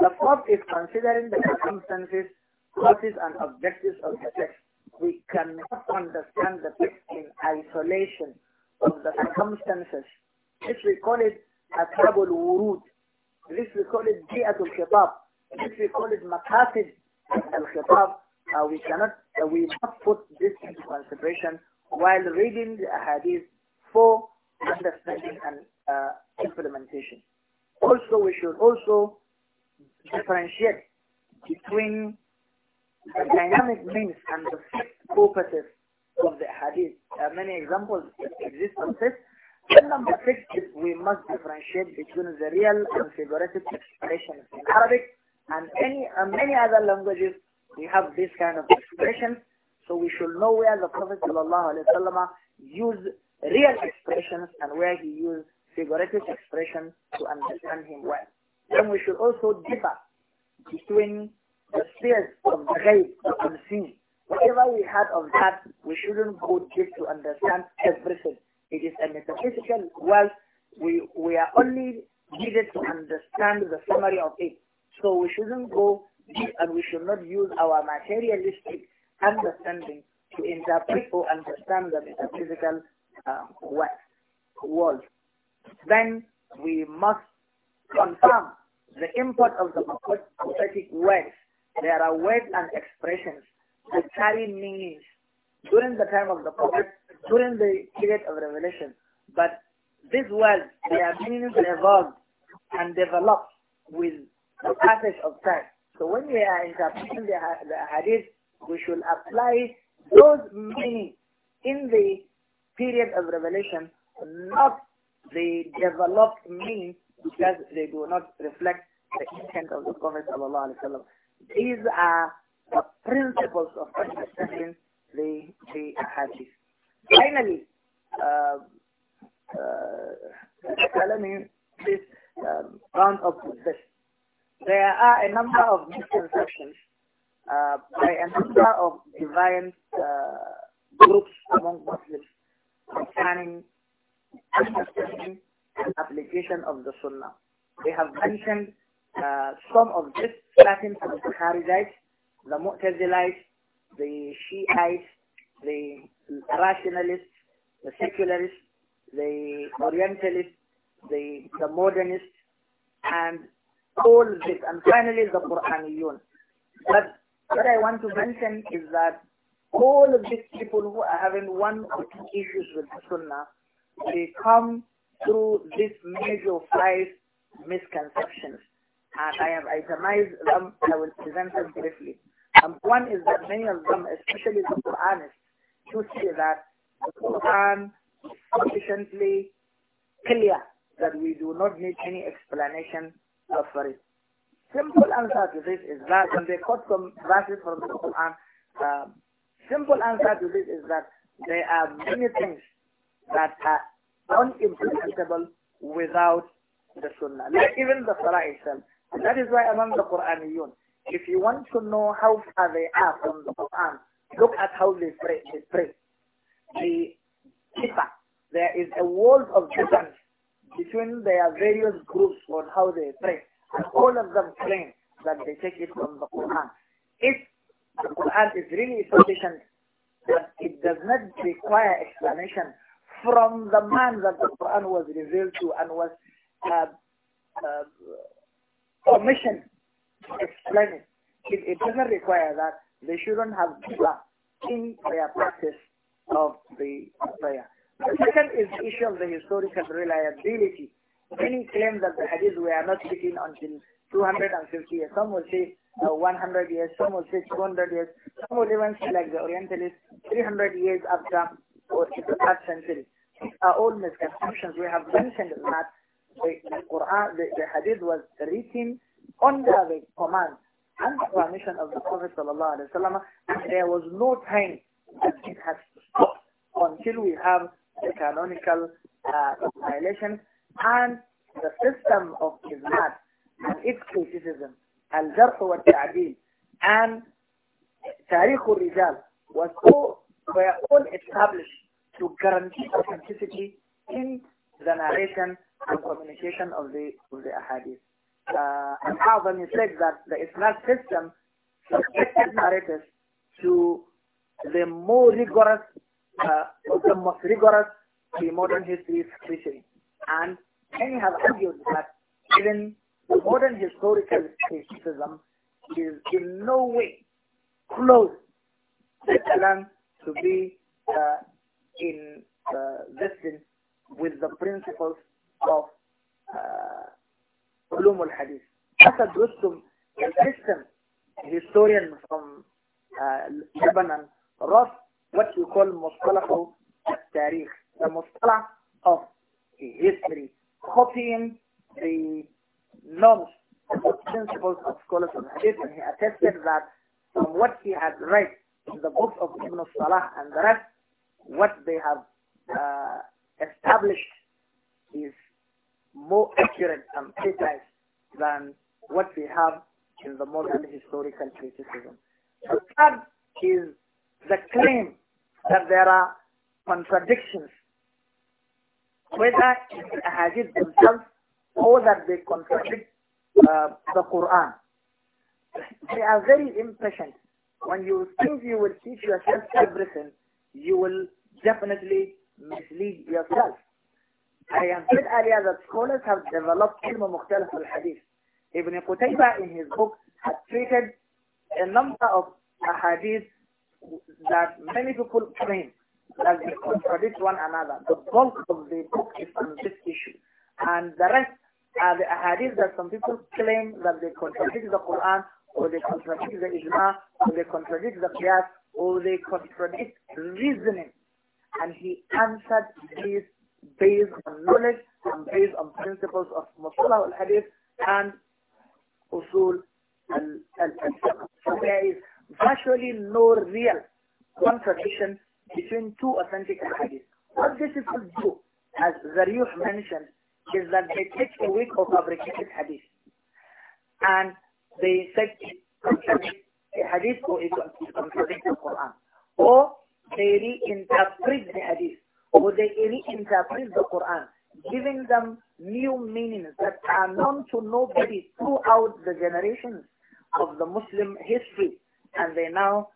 The fourth is considering the circumstances, causes and objectives of the text. We cannot understand the text in isolation of the circumstances. If we call it أصحاب الورود This we call it جئة الخطاب This we call it مقاصد الخطاب uh, we cannot uh, we must put this into consideration while reading the hadith for understanding and uh, implementation. Also, we should also differentiate between the dynamic means and the fixed purposes of the hadith. Uh, many examples exist on this, number six is we must differentiate between the real and figurative expressions in Arabic and any uh, many other languages we have this kind of expressions. So we should know where the Prophet ﷺ used real expressions and where he used figurative expressions to understand him well. Then we should also differ between the spheres of the ghaib, the unseen. Whatever we had of that, we shouldn't go deep to understand everything. It is a metaphysical wealth. We, we are only needed to understand the summary of it. So we shouldn't go deep and we should not use our materialistic understanding to interpret or understand the metaphysical uh, world. Then we must confirm the import of the prophetic words. There are words and expressions that carry meanings. During the time of the prophet, during the period of revelation. But this world, they are being evolved and developed with the passage of time. So when we are interpreting the, the hadith, we should apply those meanings in the period of revelation, not the developed meaning because they do not reflect the intent of the Prophet ﷺ. These are the principles of understanding the, the hadith. Finally, um, uh, uh, this um, round of this, There are a number of misconceptions uh, by a number of divine uh, groups among Muslims concerning understanding and application of the Sunnah. We have mentioned uh, some of this, starting from the Kharijites, the Mu'tazilites, the Shiites, the rationalists, the secularists, the orientalists, the, the modernists, and all this. And finally, the Quraniyun. But what I want to mention is that all of these people who are having one or two issues with the Sunnah, they come through this major five misconceptions. And I have itemized them, I will present them briefly. And one is that many of them, especially the Quranists, to see that the Quran is sufficiently clear that we do not need any explanation for it. Simple answer to this is that, and they quote some verses from the Quran. Uh, simple answer to this is that there are many things that are unimplementable without the Sunnah, like even the Salah itself. And that is why among the Quraniyun, if you want to know how far they are from the Quran, Look at how they pray. They pray. The kifa. There is a world of difference between their various groups on how they pray. And all of them claim that they take it from the Quran. If the Quran is really sufficient, that it does not require explanation from the man that the Quran was revealed to and was uh, uh, to explain it. If it doesn't require that, they shouldn't have Qibla in their practice of the prayer. The second is the issue of the historical reliability. Many claim that the hadith were not written until 250 years. Some will say uh, 100 years, some will say 200 years, some will even say like the Orientalists, 300 years after or in the past century. These are all misconceptions. We have mentioned that the, the Quran, the, the hadith was written under the command and the permission of the Prophet wasallam, there was no time that it has stopped until we have the canonical uh, and the system of Islam and its criticism, al-jarh wa ta'dil and tariq al-rijal was all, were all established to guarantee authenticity in the narration and communication of the, of the ahadith uh, how when you said that the Islamic system subjected narrators to the more rigorous, uh, the most rigorous the modern history scrutiny. And many have argued that even the modern historical criticism is in no way close to to be uh, in uh, with the principles of uh, علوم الحديث Asad Rustum, an Christian historian from uh, Lebanon, wrote what you call مصطلح التاريخ, the مصطلح of history, copying the norms and the principles of scholars of hadith, and he attested that from what he had read in the books of Ibn Salah and the rest, what they have uh, established is more accurate and precise than what we have in the modern historical criticism. The third is the claim that there are contradictions, whether in the hadith themselves or that they contradict uh, the Quran. They are very impatient. When you think you will teach yourself everything, you will definitely mislead yourself. I have said earlier that scholars have developed ilm mukhtalaf al-hadith. Ibn Qutayba in his book has treated a number of hadiths that many people claim that they contradict one another. The bulk of the book is on this issue. And the rest are the hadiths that some people claim that they contradict the Quran or they contradict the Ijma or they contradict the Qiyas or they contradict reasoning. And he answered these based on knowledge and based on principles of Musalah al-Hadith and usul al So there is virtually no real contradiction between two authentic hadiths. What this people do, as Zariyuh mentioned, is that they take a week of fabricated hadith and they say a hadith or it contradicts the Quran. Or they reinterpret the hadith or they reinterpret the Quran, giving them new meanings that are known to nobody throughout the generations of the Muslim history, and they now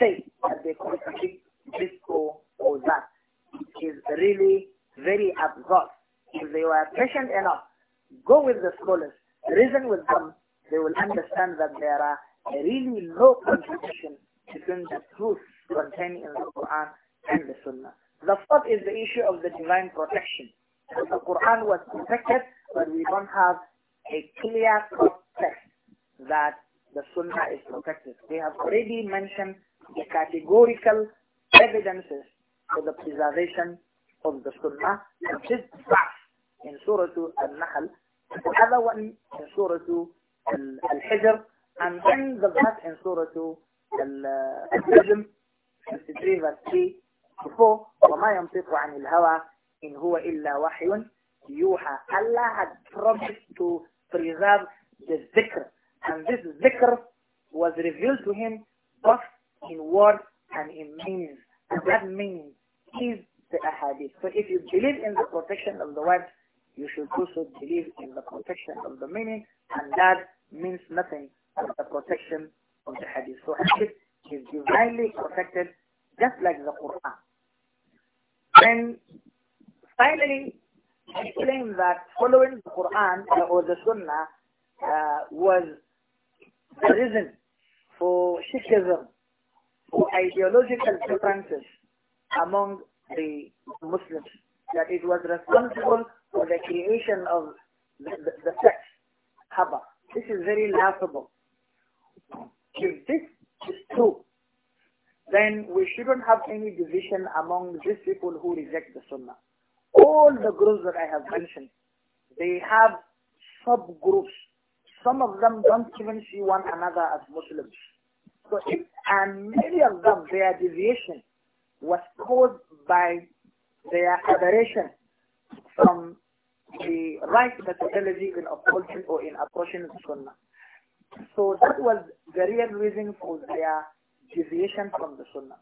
say that they contradict this or, or that. It is really very absurd. If they were patient enough, go with the scholars, reason with them, they will understand that there are really no contradiction between the truth contained in the Quran and the Sunnah. The fourth is the issue of the divine protection the Quran was protected, but we don't have a clear text that the Sunnah is protected. They have already mentioned the categorical evidences for the preservation of the Sunnah, which is verse in Surah Al-Nahl, the other one in Surah Al-Hijr, and then the verse in Surah Al-Najm, 53 verse 3 to 4, وَمَا يَنطِقُ عَنِ الْهَوَى in huwa illa wahyun yuha. Allah had promised to preserve the zikr. And this zikr was revealed to him both in word and in meanings, And that means is the ahadith. So if you believe in the protection of the word, you should also believe in the protection of the meaning. And that means nothing but the protection of the hadith. So hadith is divinely protected just like the Quran. Then Finally, I claim that following the Quran or the Sunnah uh, was the reason for Sikhism, for ideological differences among the Muslims, that it was responsible for the creation of the, the sect, Haba. This is very laughable. If this is true, then we shouldn't have any division among these people who reject the Sunnah all the groups that I have mentioned, they have subgroups. Some of them don't even see one another as Muslims. So if and many of them, their deviation was caused by their aberration from the right methodology in approaching or in approaching Sunnah. So that was the real reason for their deviation from the Sunnah.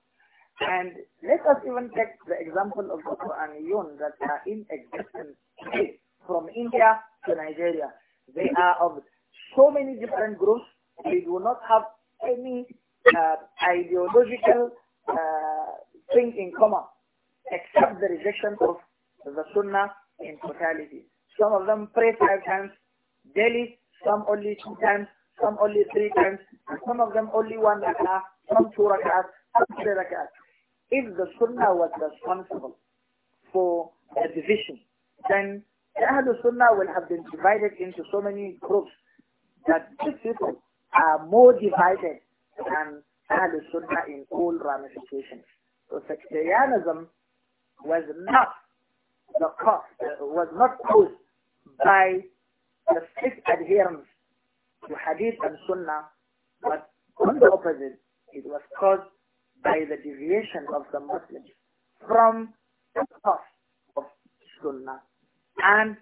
And let us even take the example of the Yun that are in existence from India to Nigeria. They are of so many different groups. They do not have any uh, ideological uh, thing in common except the rejection of the Sunnah in totality. Some of them pray five times daily, some only two times, some only three times, some of them only one rakah, some two rakahs, some three rakahs if the Sunnah was responsible for the division, then the Ahlul Sunnah will have been divided into so many groups that these people are more divided than Ahlul Sunnah in all ramifications. So sectarianism was not the cause, uh, was not caused by the strict adherence to Hadith and Sunnah, but on the opposite, it was caused by the deviation of the Muslims from the path of Sunnah. And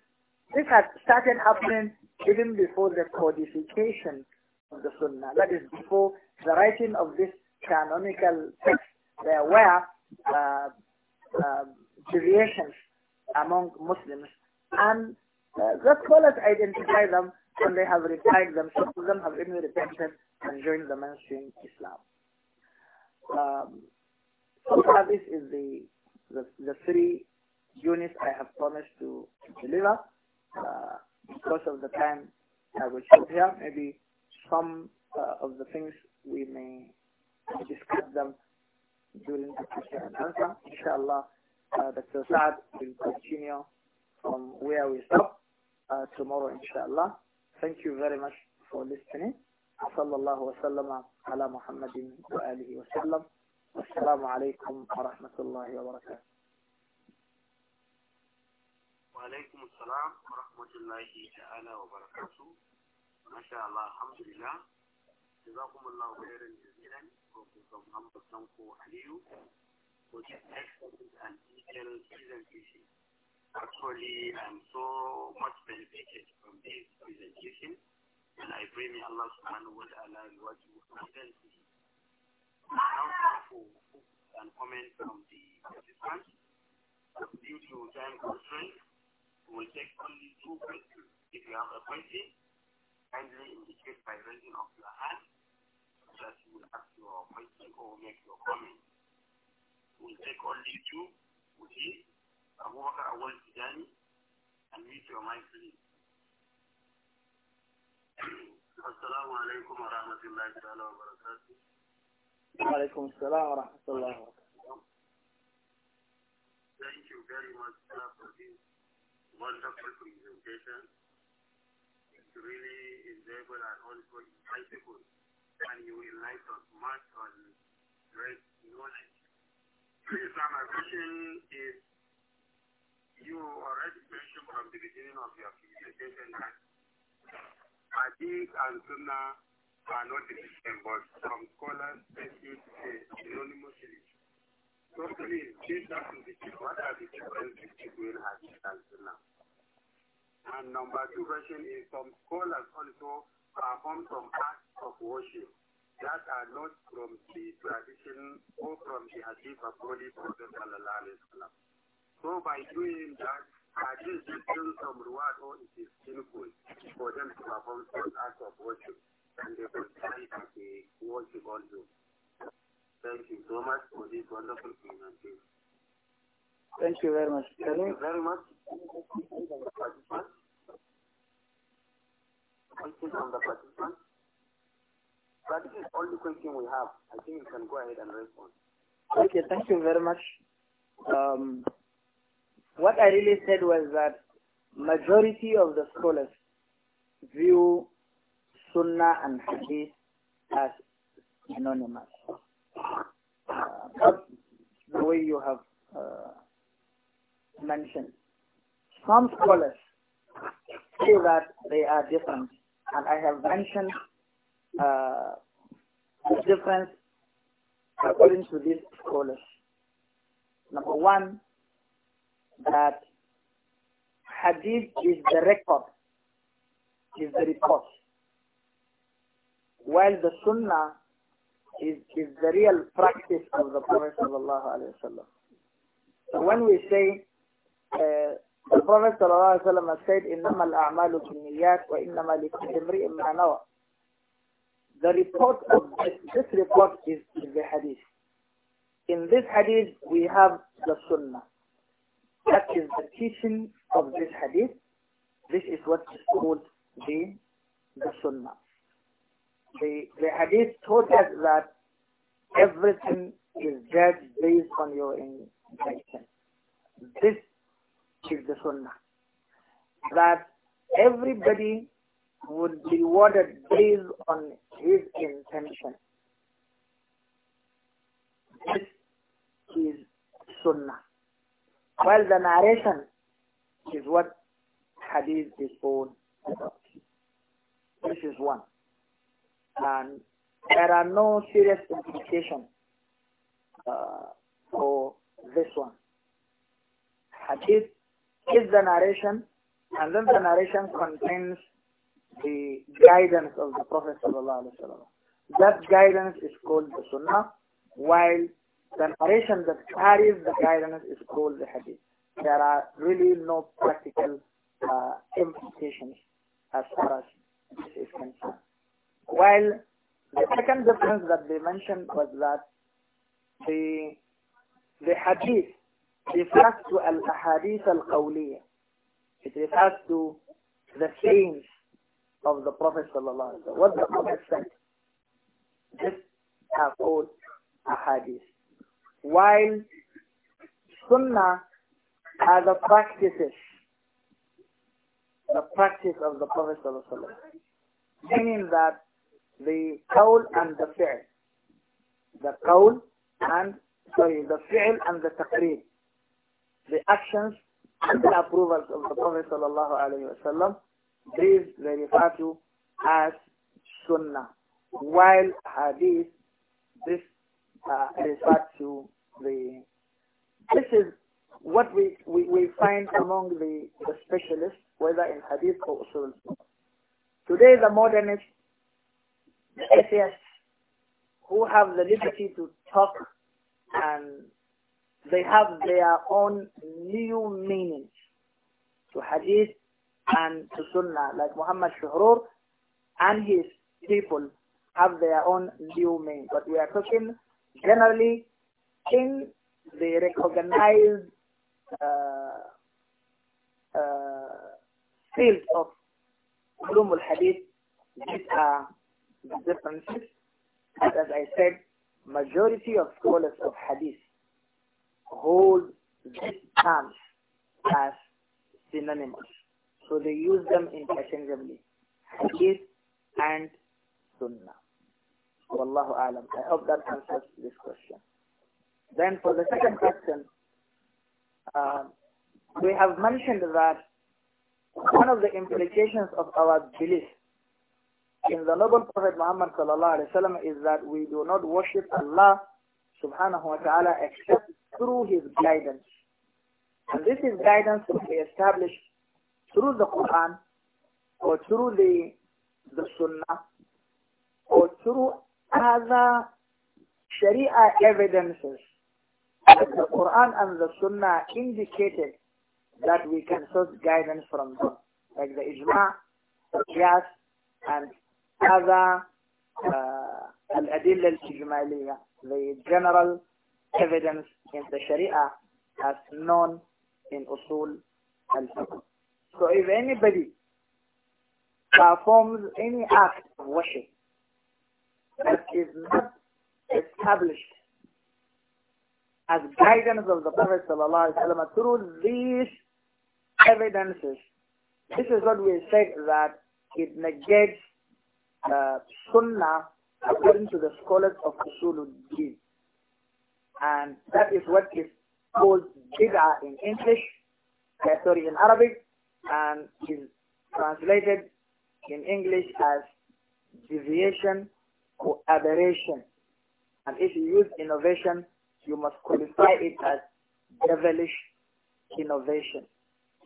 this had started happening even before the codification of the Sunnah. That is before the writing of this canonical text. There were uh, uh, deviations among Muslims and uh, the scholars identify them and they have retired them. Some of them have even repented and joined the mainstream Islam. Um, so far, this is the, the, the three units I have promised to deliver. Uh, because of the time I will show here, maybe some uh, of the things we may discuss them during the question and answer. Inshallah, uh, Dr. Saad will continue from where we stop uh, tomorrow, inshallah. Thank you very much for listening. وصلى الله وسلم على محمد وآله وسلم والسلام عليكم ورحمة الله وبركاته وعليكم السلام ورحمة الله تعالى وبركاته ما شاء الله الحمد لله جزاكم الله خيرا جزيلا وكنتم هم تنكو عليو Actually, I'm so much benefited from this presentation. And I pray may Allah subhanahu wa ta'ala reward you abundantly. Now for and comment from the participants. Due to time constraint, we'll take only two questions. If you have a question, kindly indicate by raising of your hand that you will ask your question or make your comment. We'll take only two, which is Abu Bakr Awal Tijani, and meet your mind, please. السلام عليكم ورحمة الله تعالى وبركاته وعليكم السلام ورحمة الله وبركاته Thank you very much for this wonderful presentation. It really enjoyable and also insightful and you enlighten us much on great knowledge. Please, my question is you already mentioned from the beginning of your presentation that Hadith and Sunnah are not the same, but some scholars take it synonymously. So please, this has to be what are the differences between Hadith and Sunnah? And number two question is some scholars also perform some acts of worship that are not from the tradition or from the Hadith of Holy Prophet So by doing that, at least give them some reward or it is sinful for them to perform some act of worship and they consider it as a worship also. Thank you so much for this wonderful presentation. Thank you very much. Thank you very much. Questions from the participants? is all the question we have. I think you can go ahead and respond. Okay, thank you very much. Um, what I really said was that majority of the scholars view Sunnah and Hadith as synonymous. Uh, the way you have uh, mentioned. Some scholars say that they are different, and I have mentioned uh, the difference according to these scholars. Number one, that hadith is the record, is the report, while the sunnah is, is the real practice of the Prophet sallallahu alaihi So when we say uh, the Prophet sallallahu alaihi said, "Innama al-a'malu binniyat wa innama likulli imri'in The report of this, this report is, is the hadith. In this hadith, we have the sunnah. That is the teaching of this hadith. This is what is called the, the sunnah. The, the hadith taught us that everything is judged based on your intention. This is the sunnah. That everybody would be rewarded based on his intention. This is sunnah. Well, the narration is what hadith is called. about. This is one. And there are no serious implications uh, for this one. Hadith is the narration, and then the narration contains the guidance of the Prophet ﷺ. That guidance is called the Sunnah, while the narration that carries the guidance is called the hadith. There are really no practical uh, implications as far as this is concerned. While the second difference that they mentioned was that the the hadith refers to al hadith al qawliya. It refers to the sayings of the Prophet sallallahu alaihi wasallam. What the Prophet said. This are called hadith while sunnah are the practices, the practice of the Prophet meaning that the qawl and the fi'l, the qawl and, sorry, the fi'l and the taqreed, the actions and the approvals of the Prophet sallallahu these they refer to as sunnah, while hadith, this uh, referred to the. This is what we, we, we find among the, the specialists, whether in hadith or usul. Today, the modernists, the atheists, who have the liberty to talk and they have their own new meanings to hadith and to sunnah, like Muhammad Shuhrur and his people have their own new meaning. But we are talking generally in the recognized uh, uh, field of ulum al-hadith, these are the differences. But as I said, majority of scholars of hadith hold these terms as synonymous. So they use them interchangeably. Hadith and sunnah. Wallahu alam. I hope that answers this question. Then for the second question, uh, we have mentioned that one of the implications of our belief in the noble Prophet Muhammad sallallahu alaihi wasallam is that we do not worship Allah subhanahu wa ta'ala except through his guidance. And this is guidance that we establish through the Quran or through the, the Sunnah or through other Sharia evidences that the Quran and the Sunnah indicated that we can seek guidance from them, like the Ijma, the Qiyas, and other uh, al al-Ijmaliyah, the general evidence in the Sharia as known in Usul al-Fiqh. So if anybody performs any act of worship that is not established as guidance of the Prophet wasallam through these evidences. This is what we say that it negates the Sunnah according to the scholars of Usuluddin. And that is what is called bid'ah in English, uh, sorry, in Arabic, and is translated in English as deviation Cooperation, And if you use innovation, you must qualify it as devilish innovation.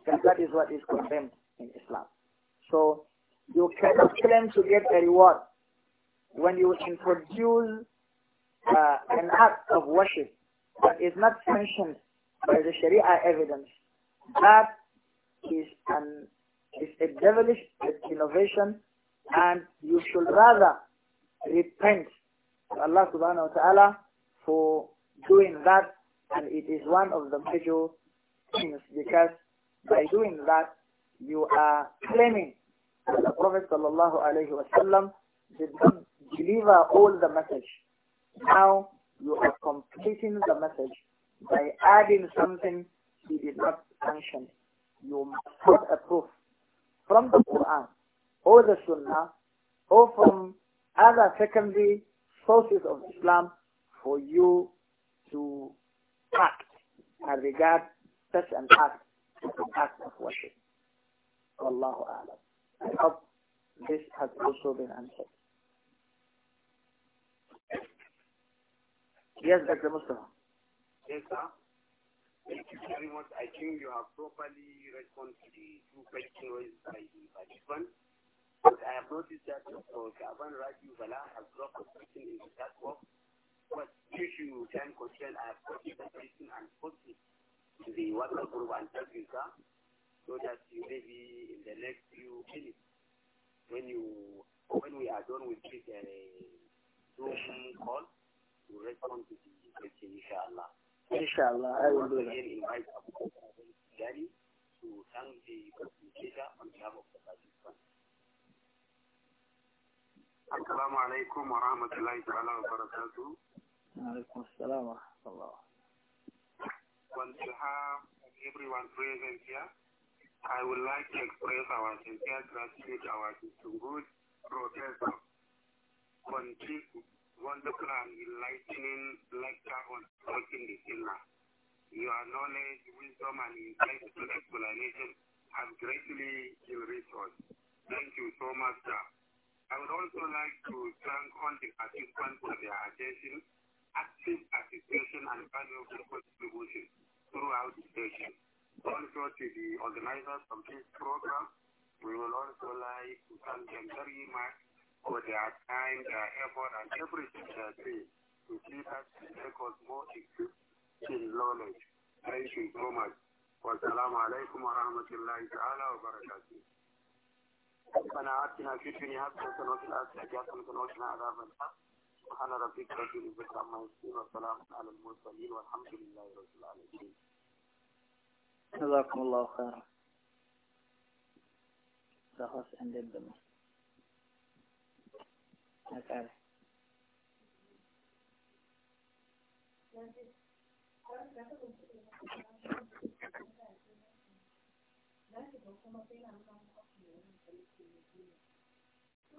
Because that is what is condemned in Islam. So you cannot claim to get a reward when you introduce uh, an act of worship that is not sanctioned by the Sharia evidence. That is an is a devilish innovation and you should rather repent to Allah subhanahu wa ta'ala for doing that and it is one of the major things because by doing that you are claiming that the Prophet sallallahu alayhi wasallam did not deliver all the message. Now you are completing the message by adding something he did not sanction. You must put a proof from the Quran or the Sunnah or from other secondary sources of Islam for you to act and regard such an act as an act of worship. Wallahu alam. I hope this has also been answered. Yes, Dr. Mustafa. Yes, sir. Thank you very much. I think you have properly responded to the two questions by the participants. But I have noticed that for Kaban Raju Bala has dropped a person in the catwalk. But due to time constraint, I have put the person and put posted to the WhatsApp group and Africa so that you may be in the next few minutes when you when we are done with this uh, Zoom call to respond to the question, inshallah. Inshallah, I will do that. Again, invite Abu Dhabi to thank the facilitator on behalf of the participants. السلام عليكم ورحمة الله تعالى وبركاته وعليكم السلام ورحمة الله On behalf of everyone present here, I would like to express our sincere gratitude to our distinguished professor for this wonderful and enlightening lecture on supporting the sinner. Your knowledge, wisdom, and insightful explanation have greatly enriched us. Thank you so much, sir. I would also like to thank all the participants for their attention, active participation, and valuable contribution throughout the session. Also to the organizers of this program, we would also like to thank them very much for their time, their effort, and everything they did to keep us to make us more equipped in knowledge. Thank you so much. Wassalamu alaikum warahmatullahi ta'ala wa barakatuh. ربنا في الدنيا حسنة وفي الآخرة حسنة وقنا عذاب النار سبحان ربك رب العزة عما يصفون والسلام على المرسلين والحمد لله رب العالمين جزاكم الله خيرا رخص عند الدم أسأل Gracias.